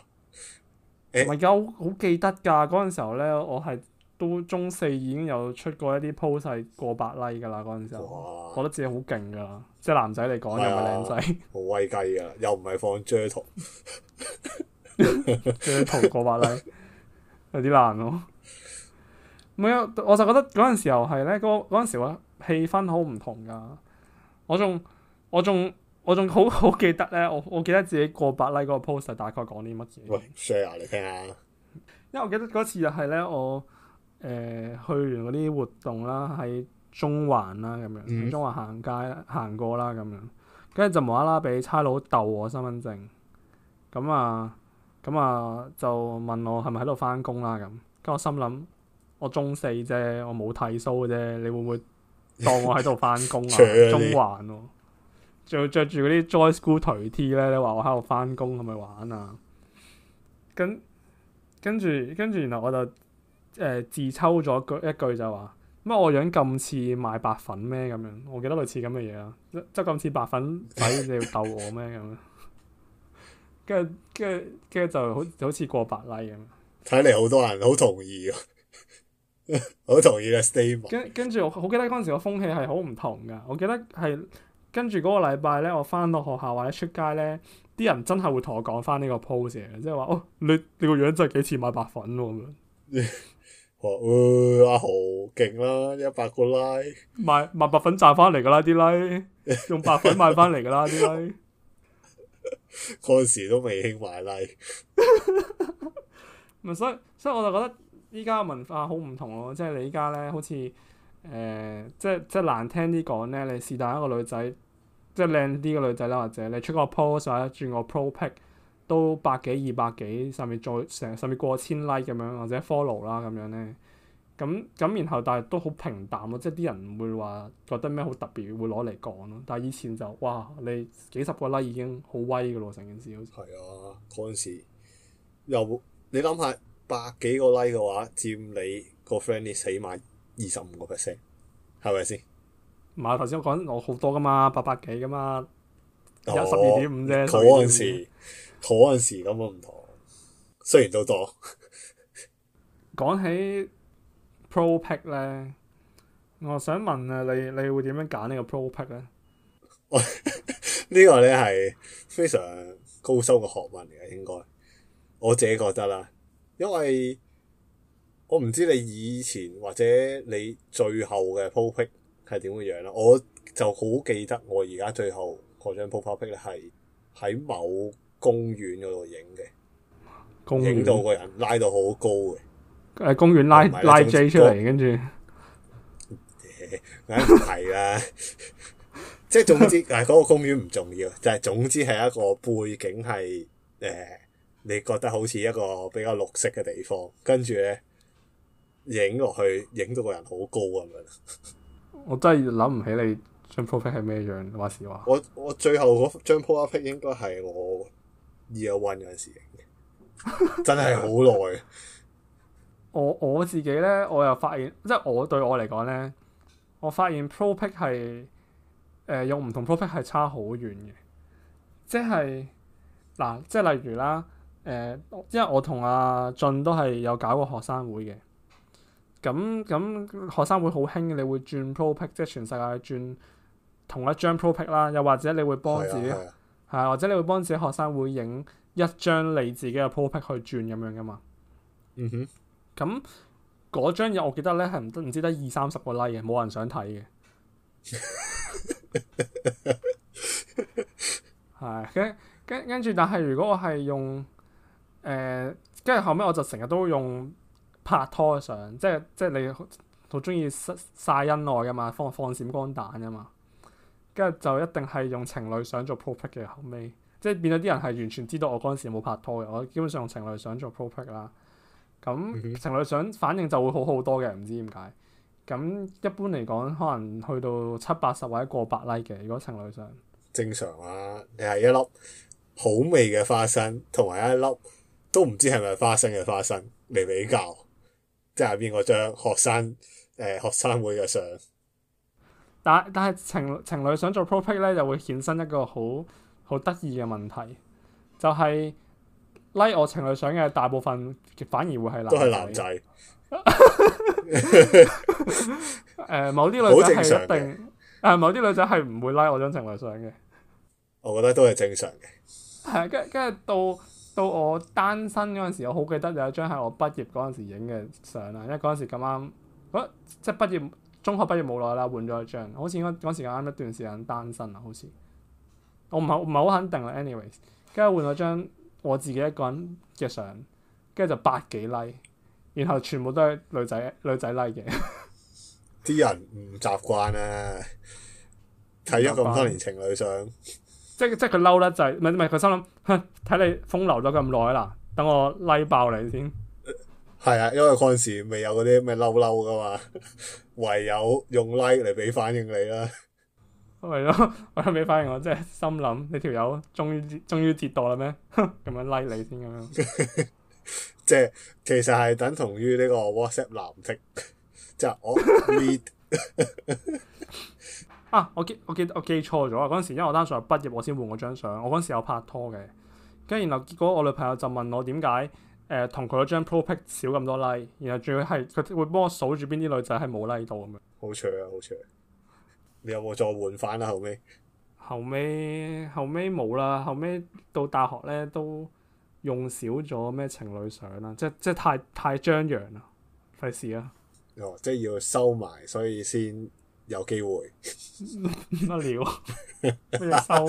唔係而家好好記得噶。嗰陣時候咧，我係都中四已經有出過一啲 post，係過百 like 噶啦。嗰陣時候，嘩我覺得自己好勁噶，即係男仔嚟講又係靚仔，好、哎、威計噶，又唔係放 j 圖，遮 圖 過百 like，有啲難咯。唔係啊，我就覺得嗰陣時候係咧，嗰嗰陣時咧氣氛好唔同噶。我仲我仲我仲好好記得咧，我我記得自己過百 like 嗰個 post 大概講啲乜嘢？喂，share 嚟聽啦，因為我記得嗰次就係咧，我、呃、誒去完嗰啲活動啦，喺中環啦咁樣，嗯、中環行街行過啦咁樣，跟住就無啦啦俾差佬竇我身份證，咁啊咁啊就問我係咪喺度翻工啦咁，跟住我心諗我中四啫，我冇剃鬚嘅啫，你會唔會？當我喺度翻工啊， 中環咯、啊，仲着住嗰啲 Joy School 頹 T 咧，你話我喺度翻工，係咪玩啊？跟跟住，跟住，跟然後我就誒、呃、自抽咗句一句就話乜我樣咁似賣白粉咩？咁樣我記得類似咁嘅嘢啊，即咁似白粉仔，你要鬥我咩咁？跟住跟住跟住就好就好似過百 like 咁。睇嚟好多人好同意啊。 好 同意嘅 stable 跟跟住，我好記得嗰陣時個風氣係好唔同噶。我記得係跟住嗰個禮拜咧，我翻到學校或者出街咧，啲人真係會同我講翻呢個 pose，即係話哦，你你個樣真係幾似買白粉咁樣。我阿、 哦哦啊、豪勁、like、啦，一百個 like，賣賣白粉賺翻嚟噶啦啲 like，用白粉賣翻嚟噶啦啲 like，嗰 時都未興買 like，咪 所以所以我就覺得。依家文化好唔同咯，即係你依家咧，好似誒、呃，即係即係難聽啲講咧，你是但一個女仔，即係靚啲嘅女仔啦，或者你出個 post 或者轉個 pro pic 都百幾二百幾，甚至再成甚至過千 like 咁樣，或者 follow 啦咁樣咧，咁咁然後但係都好平淡咯，即係啲人唔會話覺得咩好特別會攞嚟講咯。但係以前就哇，你幾十個 like 已經好威㗎咯，成件事好似係啊，嗰陣時又你諗下。百幾個 like 嘅話，佔你個 friend 啲起碼二十五個 percent，係咪先？唔係，頭先我講我好多噶嘛，八百幾噶嘛，有十二點五啫。嗰陣、哦、時，嗰陣時噉都唔同，雖然都多。講 起 pro pick 咧，我想問啊，你你會點樣揀呢個 pro pick 咧？呢 個咧係非常高深嘅學問嚟嘅，應該我自己覺得啦。因為我唔知你以前或者你最後嘅 po 片係點嘅樣啦，我就好記得我而家最後嗰張 po 咧係喺某公園嗰度影嘅，影園到個人拉到好高嘅，誒公園拉拉 J 出嚟，跟住誒係啦，即係總之誒嗰、 嗰個公園唔重要，就係總之係一個背景係誒。呃你覺得好似一個比較綠色嘅地方，跟住咧影落去，影到個人好高咁樣。我真係諗唔起你張 propic 係咩樣，話時話，我我最後嗰張 propic 應該係我 year one 嗰陣時影嘅， 真係好耐。我我自己咧，我又發現，即係我對我嚟講咧，我發現 propic 係誒、呃、用唔同 propic 係差好遠嘅，即係嗱，即係例如啦。誒，因為我同阿、啊、俊都係有搞過學生會嘅，咁咁學生會好興嘅，你會轉 propic，即係全世界去轉同一張 propic 啦，又或者你會幫自己，係啊，或者你會幫自己學生會影一張你自己嘅 propic 去轉咁樣噶嘛？嗯哼，咁嗰張嘢我記得咧係唔得，唔知得二三十個 like 嘅，冇人想睇嘅。係， 跟跟跟住，但係如果我係用。誒，跟住、呃、後尾我就成日都用拍拖嘅相，即係即係你好中意晒恩愛噶嘛，放放閃光彈㗎嘛。跟住就一定係用情侶相做 perfect 嘅，後尾即係變咗啲人係完全知道我嗰陣時冇拍拖嘅。我基本上用情侶相做 perfect 啦。咁、嗯、哼情侶相反應就會好好多嘅，唔知點解。咁一般嚟講，可能去到七八十或者過百 l、like、嘅，如果情侶相正常啊。你係一粒好味嘅花生，同埋一粒。都唔知係咪花生嘅花生嚟比較，即係邊個將學生誒、呃、學生會嘅相但，但但係情情侶相做 profile pic 咧，就會衍生一個好好得意嘅問題，就係、是、拉我情侶相嘅大部分反而會係男，都係男仔。誒，某啲女仔係一定，誒，某啲女仔係唔會拉我張情侶相嘅。我覺得都係正常嘅。係跟跟住到到我單身嗰陣時，我好記得有一張係我畢業嗰陣時影嘅相啦，因為嗰陣時咁啱，啊，即係畢業，中學畢業冇耐啦，換咗一張，好似嗰嗰時間啱啱一段時間單身啊，好似我唔係唔係好肯定啦，Anyways，跟住換咗張我自己一個人嘅相，跟住就百幾 like，然後全部都係女仔女仔 like 嘅，啲 人唔習慣啊，睇咗咁多年情侶相。即即佢嬲咧就係唔係唔係佢心諗，睇你風流咗咁耐啦，等我拉、like、爆你先。係啊，因為嗰陣時未有嗰啲咩嬲嬲噶嘛，唯有用 Like 嚟俾反應你啦。係咯，我俾反應我即係心諗，你條友終於終於跌墮啦咩？咁 樣拉、like、你先咁樣。 即係其實係等同於呢個 WhatsApp 藍色，就 off me。Oh, 啊！我記我記得我記錯咗啊！嗰陣時因為我單純係畢業，我先換嗰張相。我嗰陣時有拍拖嘅，跟住然後結果我女朋友就問我點解誒同佢嗰張 profile 少咁多 like，然後仲要係佢會幫我數住邊啲女仔係冇 like 到咁樣。好長好長，你有冇再換翻啦後尾？後尾後尾冇啦，後尾到大學咧都用少咗咩情侶相啦，即即太太張揚啦，費事啊！哦，即係要收埋，所以先。有機會，乜料？ 事、啊？咩收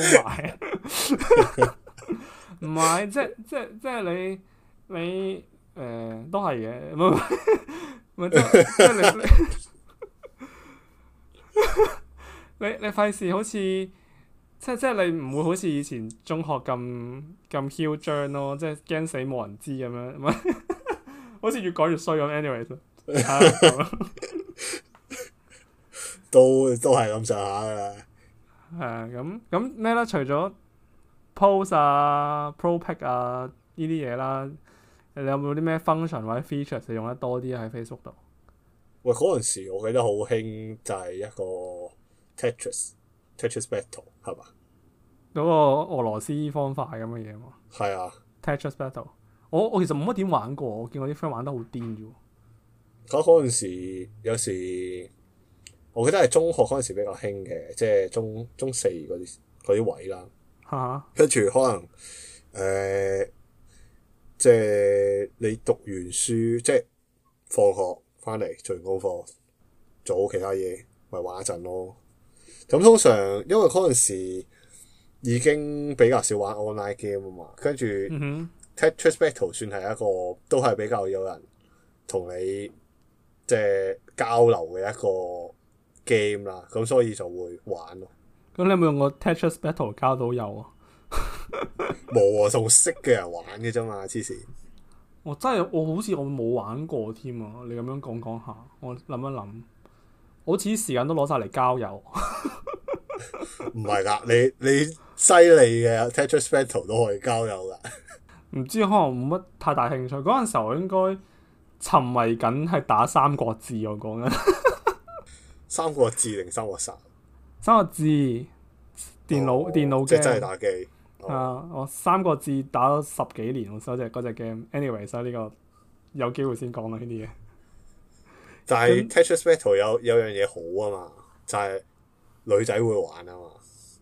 埋？唔係，即係即係即係你你誒、呃，都係嘅，唔係，唔係真係你你你費事好似，即係即係你唔 會好似以前中學咁咁囂張咯，即係驚死冇人知咁樣， 好似越改越衰咁。anyway， 都都係咁上下噶，係啊！咁咁咩咧？除咗 pose 啊、pro pick 啊呢啲嘢啦，你有冇啲咩 function 或者 features 用得多啲喺 Facebook 度？喂，嗰陣時我記得好興就係一個 tetris tetris battle 係嘛？嗰個俄羅斯方塊咁嘅嘢嘛？係啊，tetris battle。我我其實冇乜點玩過，我見我啲 friend 玩得好癲嘅。佢嗰陣時有時。我記得係中學嗰陣時比較興嘅，即係中中四嗰啲啲位啦。嚇、啊！跟住可能誒、呃，即係你讀完書，即係放學翻嚟做完功課，做好其他嘢，咪玩一陣咯。咁通常因為嗰陣時已經比較少玩 online game 啊嘛，跟住、嗯、哼 Tetris Battle 算係一個都係比較有人同你即係交流嘅一個。game 啦，咁所以就會玩咯。咁你有冇用過 Tetris Battle 交到友啊？冇 啊，仲識嘅人玩嘅啫嘛，黐線！我真係我好似我冇玩過添啊！你咁樣講講下，我諗一諗。好似啲時間都攞晒嚟交友。唔 係啦，你你犀利嘅 Tetris Battle 都可以交友噶。唔 知可能冇乜太大興趣。嗰陣時候我應該沉迷緊係打三國志、那個，我講緊。三個字定三個殺？三個字，電腦、oh, 電腦機即係真係打機。啊、oh.，uh, 我三個字打咗十幾年，我以隻嗰隻 game。Anyway，所以呢個有機會先講啦呢啲嘢。但係《Catchers Metal》有有樣嘢好啊嘛，就係、是、女仔會玩啊嘛，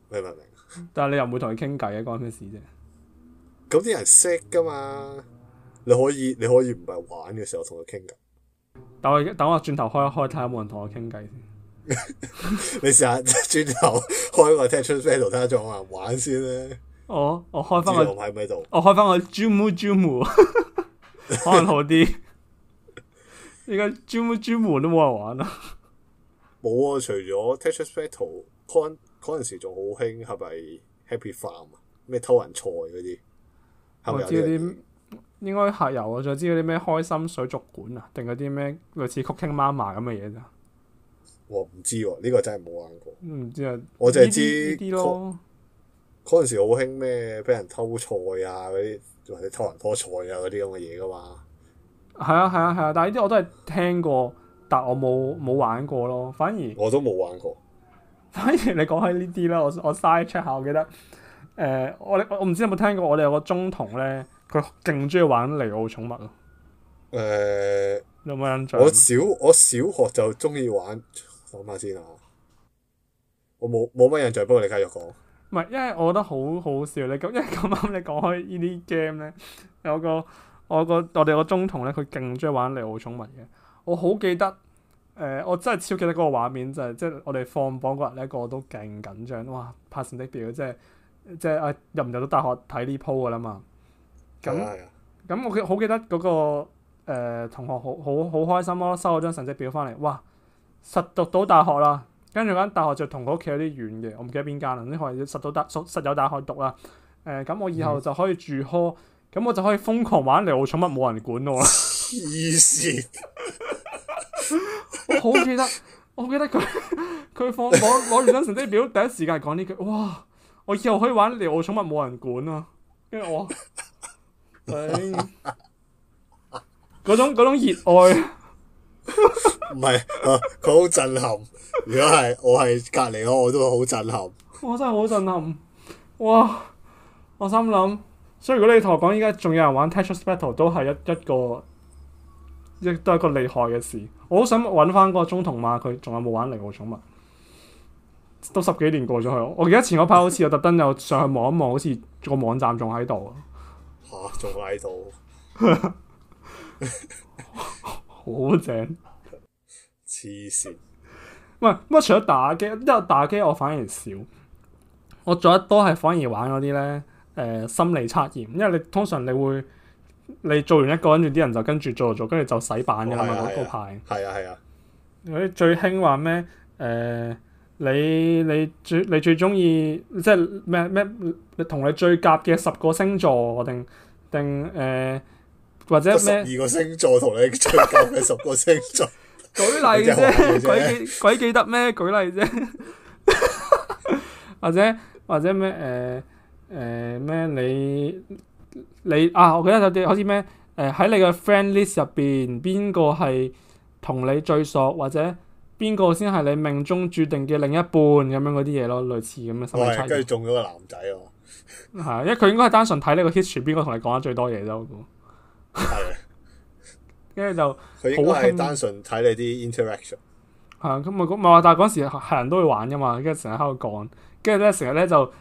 明唔明？ 但係你又唔會同佢傾偈啊？關咩事啫？咁啲人識噶嘛？你可以你可以唔係玩嘅時候同佢傾偈。等我等我轉頭開一開睇下有冇人同我傾偈先。 你試下轉頭開個 Tetris Battle 睇下仲有冇人玩先啦。我、oh, 我開翻我喺唔喺度？我，我開翻個 Zoom Zoom 可能好啲。而家 Zoom Zoom 都冇人玩啊！冇啊，除咗 Tetris Battle 嗰嗰陣時仲好興，係咪 Happy Farm？咩、啊、偷人菜嗰啲？是是我知道啲，應該客游我再知嗰啲咩開心水族館啊，定嗰啲咩類似 Cooking Mama 咁嘅嘢咋？我唔知喎，呢個真係冇玩過。唔知啊，我就係知啲咯。嗰陣時好興咩？俾人偷菜啊，嗰啲或者偷人棵菜啊，嗰啲咁嘅嘢噶嘛。係啊係啊係啊，但係呢啲我都係聽過，但我冇冇玩過咯。反而我都冇玩過。反而你講起呢啲咧，我我篩 check 下，我記得，誒、呃，我我我唔知有冇聽過，我哋有個中童咧，佢勁中意玩《尼奧寵物》咯、呃。誒，有冇印象？我小我小學就中意玩。講埋先啊！我冇冇乜印象，不過你繼續講。唔係，因為我覺得好好笑你咁因為咁啱，你講開呢啲 game 咧，有個我有個我哋個中同咧，佢勁中意玩利奧寵物嘅。我好記得，誒、呃，我真係超記得嗰個畫面就係，即係我哋放榜嗰日咧，一個都勁緊張，哇！拍成績表，即係即係誒、啊，入唔入到大學睇呢鋪噶啦嘛？咁咁我好記得嗰、那個誒、呃、同學好好好，好開心咯，收咗張成績表翻嚟，哇！實讀到大學啦，跟住間大學就同我屋企有啲遠嘅，我唔記得邊間啦。呢個實讀大實有大學讀啦，誒、呃，咁我以後就可以住 hall，咁、嗯、我就可以瘋狂玩流浪寵物，冇人管 我。黐綫！我好記得，我記得佢佢 放攞攞完張成績表，第一時間講呢句：哇！我以後又可以玩流浪寵物，冇人管啊！因為我，嗰 種嗰種熱愛。 唔係，佢好、 啊、震撼。如果係我係隔籬，我我都好震撼。我真係好震撼，哇！我心諗，所以如果你同我講，依家仲有人玩 Tetris Battle，都係一一個亦都係一個厲害嘅事。我好想搵翻嗰個中童嘛，佢仲有冇玩《尼羅寵物》？都十幾年過咗去，我記得前嗰排好似有特登又上去望一望， 好似個網站仲喺度。吓，仲喺度。好正，黐線。喂，咁除咗打機，因為打機我反而少，我做得多係反而玩嗰啲咧。誒、呃，心理測驗，因為你通常你會你做完一個，跟住啲人就跟住做做，跟住就，就洗版噶啦嘛。嗰嗰排係啊係啊，嗰啲、啊啊啊、最興話咩？誒、呃，你你，你最你最中意即係咩咩？你同你最夾嘅十個星座定定誒？或者咩？二個星座同你最求咩？十個星座， 舉例啫，鬼鬼 記得咩？舉例啫， 或者或者咩？誒誒咩？你你啊，我記得有啲好似咩？誒、呃、喺你嘅 friend list 入邊，邊個係同你最熟，或者邊個先係你命中注定嘅另一半咁樣嗰啲嘢咯，類似咁嘅。我係跟住中咗個男仔啊！係啊，因為佢應該係單純睇你個 history 邊個同你講得最多嘢啫。我係，跟住 就佢應該係單純睇你啲 interaction。係咁 咪、嗯、咁咪話，但係嗰時係人都會玩噶嘛，跟住成日喺度講，跟住咧成日咧就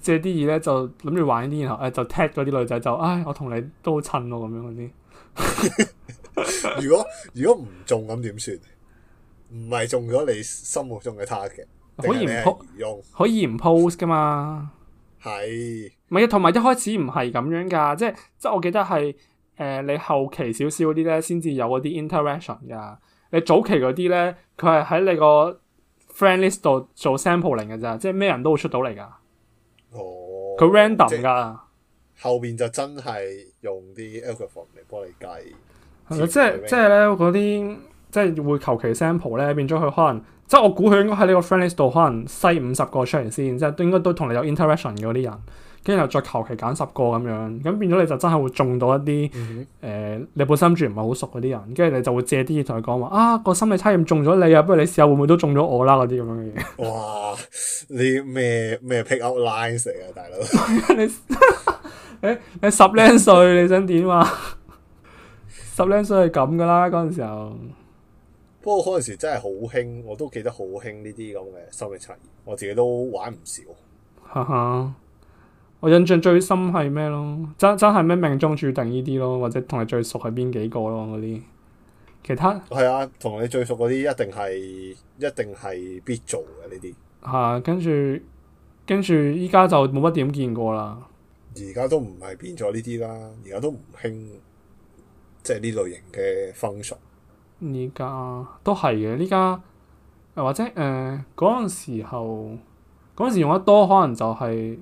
借啲嘢咧就諗住玩呢啲，然後誒就踢咗啲女仔，就唉、哎、我同你都襯咯咁樣嗰啲。 如果如果唔中咁點算？唔係中咗你心目中嘅 target，是是可以唔用， 可以唔 post 噶嘛？係是，唔係啊？同埋一開始唔係咁樣噶，即係即係我記得係。誒、呃，你後期少少啲咧，先至有嗰啲 interaction 噶。你早期嗰啲咧，佢係喺你個 friend list 度做 sampling 嘅咋，即係咩人都會出到嚟噶。哦，佢 random 噶。後面就真係用啲 algorithm 嚟幫你計。係即係即係咧，嗰啲即係會求其 sample 咧，變咗佢可能，即係我估佢應該喺你個 friend list 度可能篩五十個出嚟，先，即係都應該都同你有 interaction 嗰啲人。跟住又再求其揀十個咁樣，咁變咗你就真係會中到一啲誒、嗯哼呃、你本身住唔係好熟嗰啲人，跟住你就會借啲嘢同佢講話啊個心理測驗中咗你啊，不如你試下會唔會都中咗我啦嗰啲咁樣嘅嘢。哇！你咩咩 pick up lines 你 啊，大佬！你你十零歲你想點啊？十零歲係咁㗎啦，嗰、那、陣、個、時候。不過嗰陣時真係好興，我都記得好興呢啲咁嘅心理測驗，我自己都玩唔少。哈哈。我印象最深係咩咯？真真係咩命中注定呢啲咯？或者同你最熟係邊幾個咯？嗰啲其他係啊，同你最熟嗰啲一定係一定係必做嘅呢啲。吓、啊，跟住跟住，依家就冇乜點見過啦。而家都唔係變咗呢啲啦，而家都唔興即係呢類型嘅風俗。而家都係嘅，而家或者誒嗰陣時候嗰陣、那個、時用得多，可能就係、是。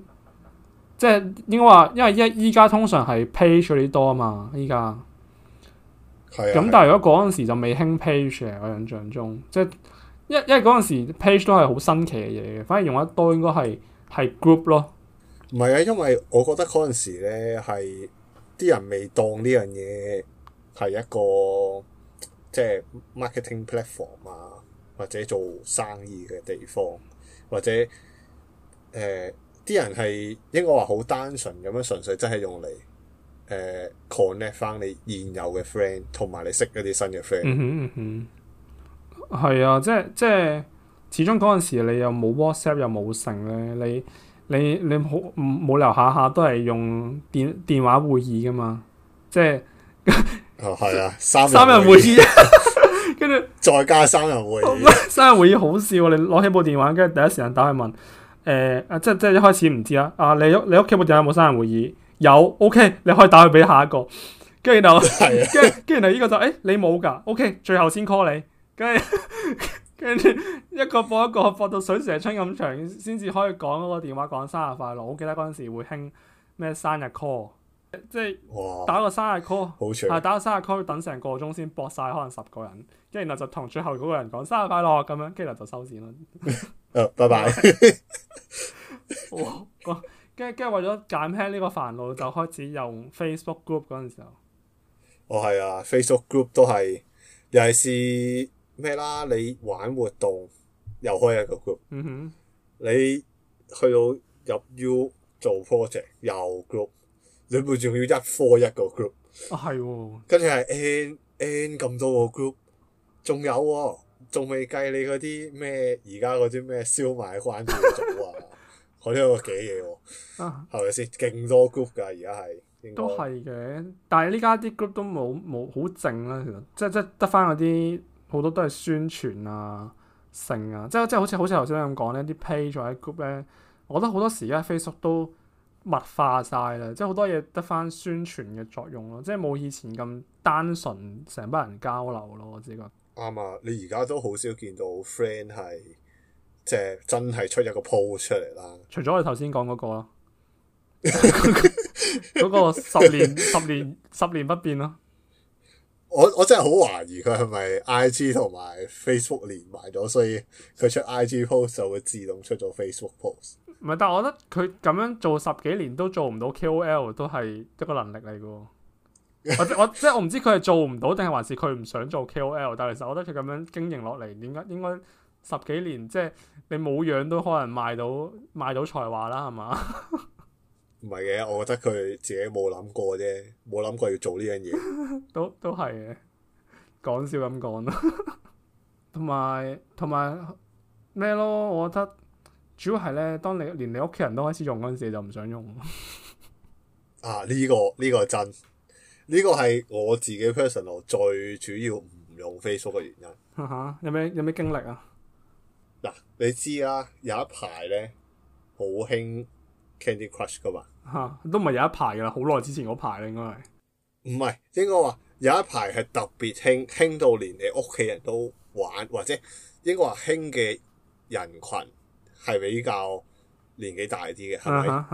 即係應該話，因為一依家通常係 page 啲多啊嘛，依家係咁。的但係如果嗰陣時就未興 page 嚟，我印象中，即係一因為嗰陣時 page 都係好新奇嘅嘢，反而用得多應該係係 group 咯。唔係啊，因為我覺得嗰陣時咧係啲人未當呢樣嘢係一個即係、就是、marketing platform 啊，或者做生意嘅地方，或者誒。呃啲人係應該話好單純咁樣，純粹真係用嚟誒、呃、connect 翻你現有嘅 friend，同埋你識一啲新嘅 friend，嗯。嗯嗯嗯，係啊，即係即係，始終嗰陣時你又冇 WhatsApp，又冇成咧，你你你，你好冇理由下下都係用電電話會議㗎嘛？即係啊，係 、哦、啊，三三人會議，跟住 再加三人會議，三人會議好笑，啊，你攞起部電話，跟住第一時間打去問。誒啊、呃！即即一開始唔知啦。啊，你屋你屋企部電話有冇生日會議？有，OK，你可以打去俾下一個。跟住就，跟跟住就呢個就，誒、哎、你冇㗎。OK，最後先 call 你。跟住跟住一個播一個，播到水蛇春咁長，先至可以講嗰個電話講生日快樂。我記得嗰陣時會興咩生日 call。即係打個生日 call，係哇打個生日 call 等成個鐘先博晒，可能十個人，跟住然後就同最後嗰個人講生日快樂咁樣，跟住就收線咯。啊、 拜拜 跟住，為咗減輕呢個煩惱，就開始用 Facebook group 嗰陣時候。哦係啊，Facebook group 都係又係試咩啦？你玩活動又開一個 group，嗯哼，你去到入 U 做 project 又 group。你面仲要一科一個 group，啊係跟住係 n n 咁多個 group，仲有喎、哦，仲未計你嗰啲咩而家嗰啲咩燒賣關注組啊，嗰啲有嘅幾嘢喎，係咪先勁多 group 㗎而家係？都係嘅，但係呢家啲 group 都冇冇好正啦，其實即即得翻嗰啲好多都係宣傳啊成啊，即即，即好似好似頭先咁講呢啲 page 或者 group 咧，我覺得好多時而家 Facebook 都。都物化晒啦，即係好多嘢得翻宣傳嘅作用咯，即係冇以前咁單純成班人交流咯，我知個。啱啊，你而家都好少見到 friend 係，即係真係出一個 post 出嚟啦。除咗我頭先講嗰個咯，嗰 個十年 十年十年，十年不變咯。我我真係好懷疑佢係咪 IG 同埋 Facebook 連埋咗，所以佢出 IG post 就會自動出咗 Facebook post。唔係，但係我覺得佢咁樣做十幾年都做唔到 KOL，都係一個能力嚟嘅。或者我即係我唔知佢係做唔到，定係還是佢唔想做 KOL。但係其實我覺得佢咁樣經營落嚟，點解應該十幾年即係、就是、你冇樣都可能賣到賣到才華啦，係嘛？唔係嘅，我覺得佢自己冇諗過啫，冇諗過要做呢樣嘢。都都係嘅，講笑咁講咯。同埋同埋咩咯？我覺得。主要係咧，當你連你屋企人都開始用嗰陣時，你就唔想用啊。呢、這個呢、這個真呢、這個係我自己 personal 最主要唔用 Facebook 嘅原因。哈、啊、哈，有咩有咩經歷啊？嗱、啊，你知啦、啊，有一排咧好興 Candy Crush 噶嘛吓、啊，都唔係有一排噶啦，好耐之前嗰排啦，應該係唔係應該話有一排係特別興，興到連你屋企人都玩，或者應該話興嘅人群。係比較年紀大啲嘅，係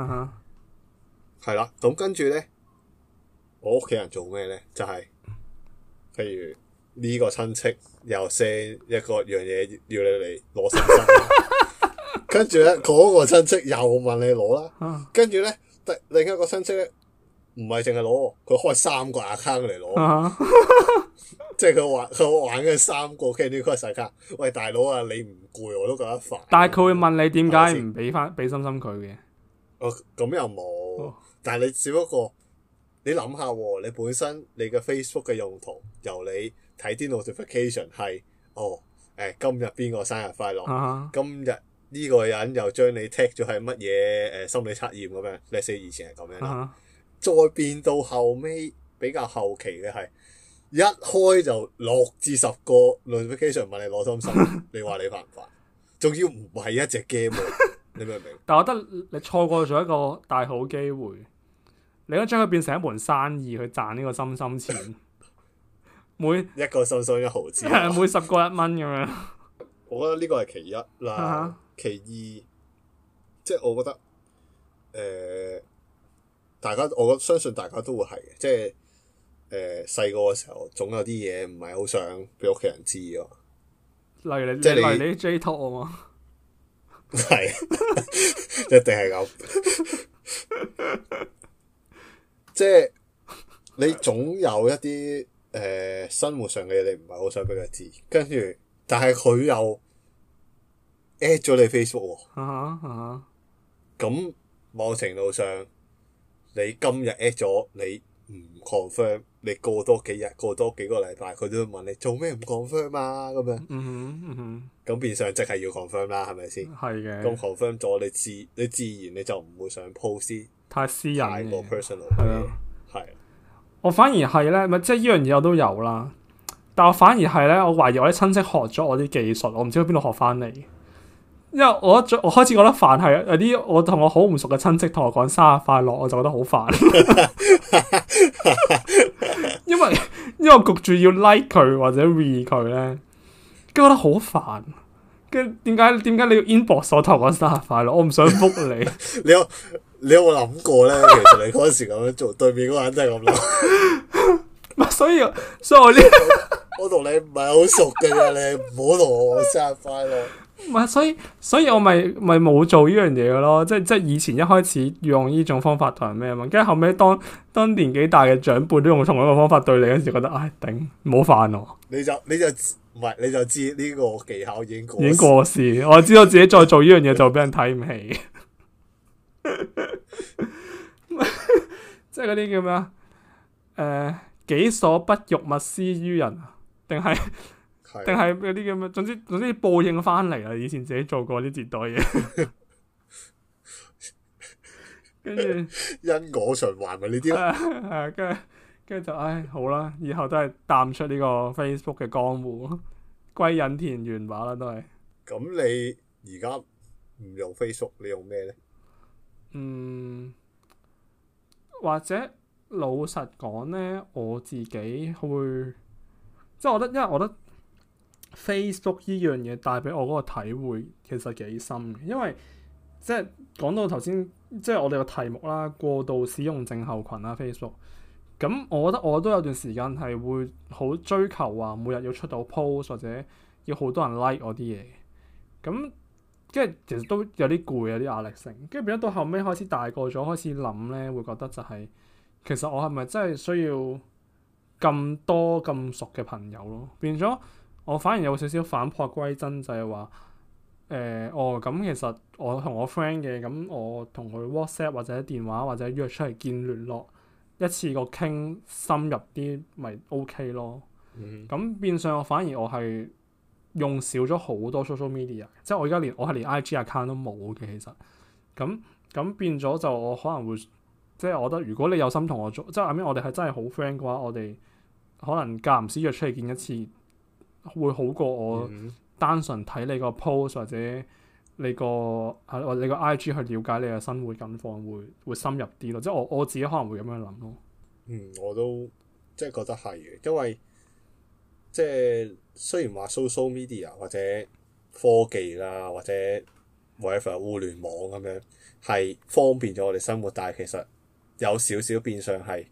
咪？係啦、uh，咁跟住咧，我屋企人做咩咧？就係、是、譬如呢、這個親戚又 send 一個樣嘢要你嚟攞新衫，跟住咧嗰個親戚又問你攞啦，跟住咧第另一個親戚咧。唔係淨係攞，佢開三個 account 嚟攞，uh huh. 即係佢玩佢玩嘅三個 kindly 個細 a 喂，大佬啊，你唔攰我都覺得煩。但係佢會問你點解唔俾翻俾心心佢嘅？哦咁又冇，oh. 但係你只不過你諗下，你本身你嘅 Facebook 嘅用途由你睇啲 notification 係哦誒、呃，今日邊個生日快樂？Uh huh. 今日呢個人又將你 tag 咗係乜嘢誒心理測驗咁樣？類似以前係咁樣。Huh. 再變到後尾，比較後期嘅，係一開就六至十個 notification 問你攞心心，你話你煩唔煩？仲要唔係一隻 game， 你明唔明？但我覺得你錯過咗一個大好機會，你應該將佢變成一門生意去賺呢個心心錢。 每一個心心一毫子， 每十個一蚊咁樣。 我覺得呢個係其一啦，其二即係我覺得誒。呃大家我相信大家都會係，即係誒細個嘅時候，總有啲嘢唔係好想俾屋企人知咯。例如你，例如你拍拖啊嘛，係一定係咁。即係你總有一啲誒生活上嘅嘢，你唔係好想俾佢知，跟住但係佢又 at 咗你 Facebook 喎。咁某程度上。你今日 at 咗你唔 confirm，你過多幾日，過多幾個禮拜，佢都會問你做咩唔 confirm 啊咁樣。嗯哼嗯哼。咁變相即係要 confirm 啦，係咪先？係嘅。咁 confirm 咗，你自你自然你就唔會想 post。太私人嘅。個 personal。係啊。係。我反而係咧，咪即係呢樣嘢我都有啦。但我反而係咧，我懷疑我啲親戚學咗我啲技術，我唔知喺邊度學翻嚟。因為我最我開始覺得煩係有啲我同我好唔熟嘅親戚同我講生日快樂我就覺得好煩， 因為因為焗住要 like 佢或者 re 佢咧，咁覺得好煩。跟點解點解你要 inbox 我同我講生日快樂？我唔想複你， 你。你有你有冇諗過咧？其實你嗰時咁樣做，對面嗰人真係咁諗。所以所以我呢，我同你唔係好熟嘅啫， 你唔好同我講生日快樂。唔係，所以所以我咪咪冇做呢樣嘢咯。即即以前一開始用呢種方法同人咩嘛，跟住後尾當當年紀大嘅長輩都用同一個方法對你嗰時，覺得唉、哎、頂唔好煩咯。你就你就唔係你就知呢個技巧已經已經過時。我知道自己再做呢樣嘢就俾人睇唔起。即係嗰啲叫咩啊？誒、呃、己所不欲，勿施於人，定係？定係嗰啲咁啊，總之總之報應翻嚟啦，以前自己做過啲折墮嘢，跟住 後 因果循環咪呢啲跟住跟住就唉，好啦，以後都係淡出呢個 Facebook 嘅江湖咯，歸隱田園話啦都係。咁你而家唔用 Facebook，你用咩呢？嗯，或者老實講呢，我自己會即係，我覺得，因為我覺得。Facebook 呢樣嘢帶俾我嗰個體會其實幾深嘅，因為即係講到頭先，即係我哋個題目啦，過度使用症候群啦 Facebook。咁我覺得我都有段時間係會好追求話每日要出到 post 或者要好多人 like 我啲嘢。咁即係其實都有啲攰，有啲壓力性。跟住變咗到後尾開始大個咗，開始諗呢會覺得就係、是、其實我係咪真係需要咁多咁熟嘅朋友咯？變咗。我反而有少少返璞歸真，就係話誒，哦，咁、哦、其實我同我 friend 嘅，咁、嗯、我同佢 WhatsApp 或者電話或者約出嚟見聯絡，一次個傾深入啲，咪 OK 咯。咁、嗯、變相我反而我係用少咗好多 social media，即係我而家連我係連 IG account 都冇嘅其實。咁咁變咗就我可能會，即係我覺得如果你有心同我做，即係後面我哋係真係好 friend 嘅話，我哋可能間唔時約出嚟見一次。會好過我單純睇你個 post 或者你個啊或者你個 IG 去了解你嘅生活近況，會會深入啲咯。即係我我自己可能會咁樣諗咯。嗯，我都即係覺得係嘅，因為即係雖然話 social media 或者科技啦，或者 whatever 互聯網咁樣係方便咗我哋生活，但係其實有少少變相係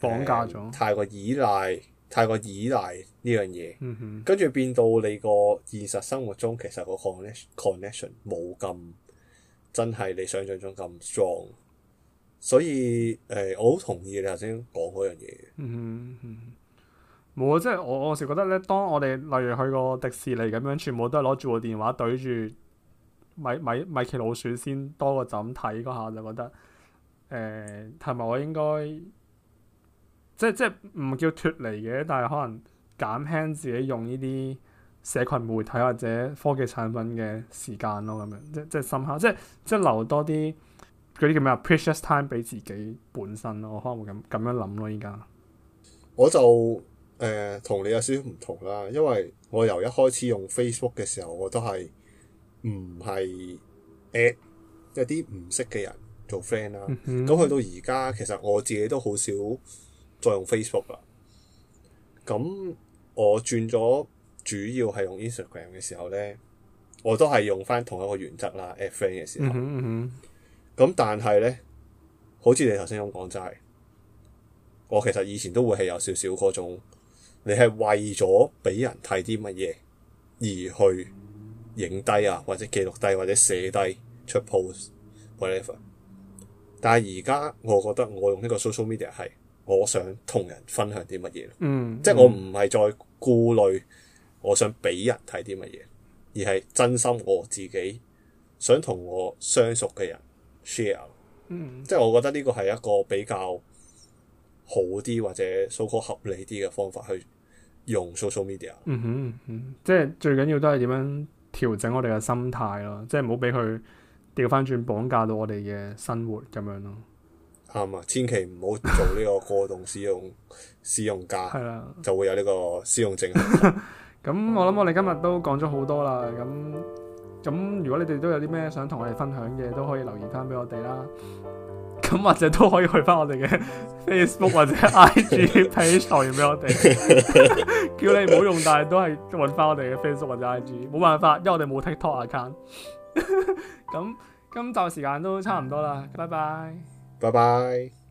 綁架咗，太過依賴。太過依賴呢樣嘢，跟住、嗯、哼變到你個現實生活中，其實個 connection connection 冇咁真係你想象中咁 strong。所以誒、呃，我好同意你頭先講嗰樣嘢嗯哼，冇、嗯、啊！即係我，我成日覺得咧，當我哋例如去個迪士尼咁樣，全部都係攞住部電話對住米米米奇老鼠先多個枕睇嗰下，就覺得誒係咪我應該？即係即係唔叫脫離嘅，但係可能減輕自己用呢啲社群媒體或者科技產品嘅時間咯，咁樣即係即係深刻，即係即係留多啲嗰啲叫咩啊 precious time 俾自己本身咯，我可能會咁咁樣諗咯，依家。我就誒同、呃、你有少少唔同啦，因為我由一開始用 Facebook 嘅時候，我都係唔係 add 一啲唔識嘅人做 friend 啦。咁去、嗯、哼到而家，其實我自己都好少。再用 Facebook 啦，咁我轉咗主要係用 Instagram 嘅時候咧，我都係用翻同一個原則啦、Ad、f r 嘅時候。咁、嗯嗯、但係咧，好似你頭先咁講，就係我其實以前都會係有少少嗰種，你係為咗俾人睇啲乜嘢而去影低啊，或者記錄低或者寫低出 post w h a t e v e r 但係而家我覺得我用呢個 social media 係。我想同人分享啲乜嘢，嗯，即係我唔係再顧慮，我想俾人睇啲乜嘢，而係真心我自己想同我相熟嘅人 share，嗯，即係我覺得呢個係一個比較好啲或者 so called 合理啲嘅方法去用 social media，嗯哼，嗯哼，即係最緊要都係點樣調整我哋嘅心態咯，即係唔好俾佢調翻轉綁架到我哋嘅生活咁樣咯。嗯、千祈唔好做呢個過度使用， 使用價，係啦，就會有呢個使用證。咁 我諗我哋今日都講咗好多啦，咁咁如果你哋都有啲咩想同我哋分享嘅，都可以留言翻俾我哋啦。咁或者都可以去翻我哋嘅 Facebook 或者 IG page 留言俾我哋，叫你唔好用，但係都係搵翻我哋嘅 Facebook 或者 IG，冇辦法，因為我哋冇 TikTok account。咁 今集時間都差唔多啦，拜拜。拜拜。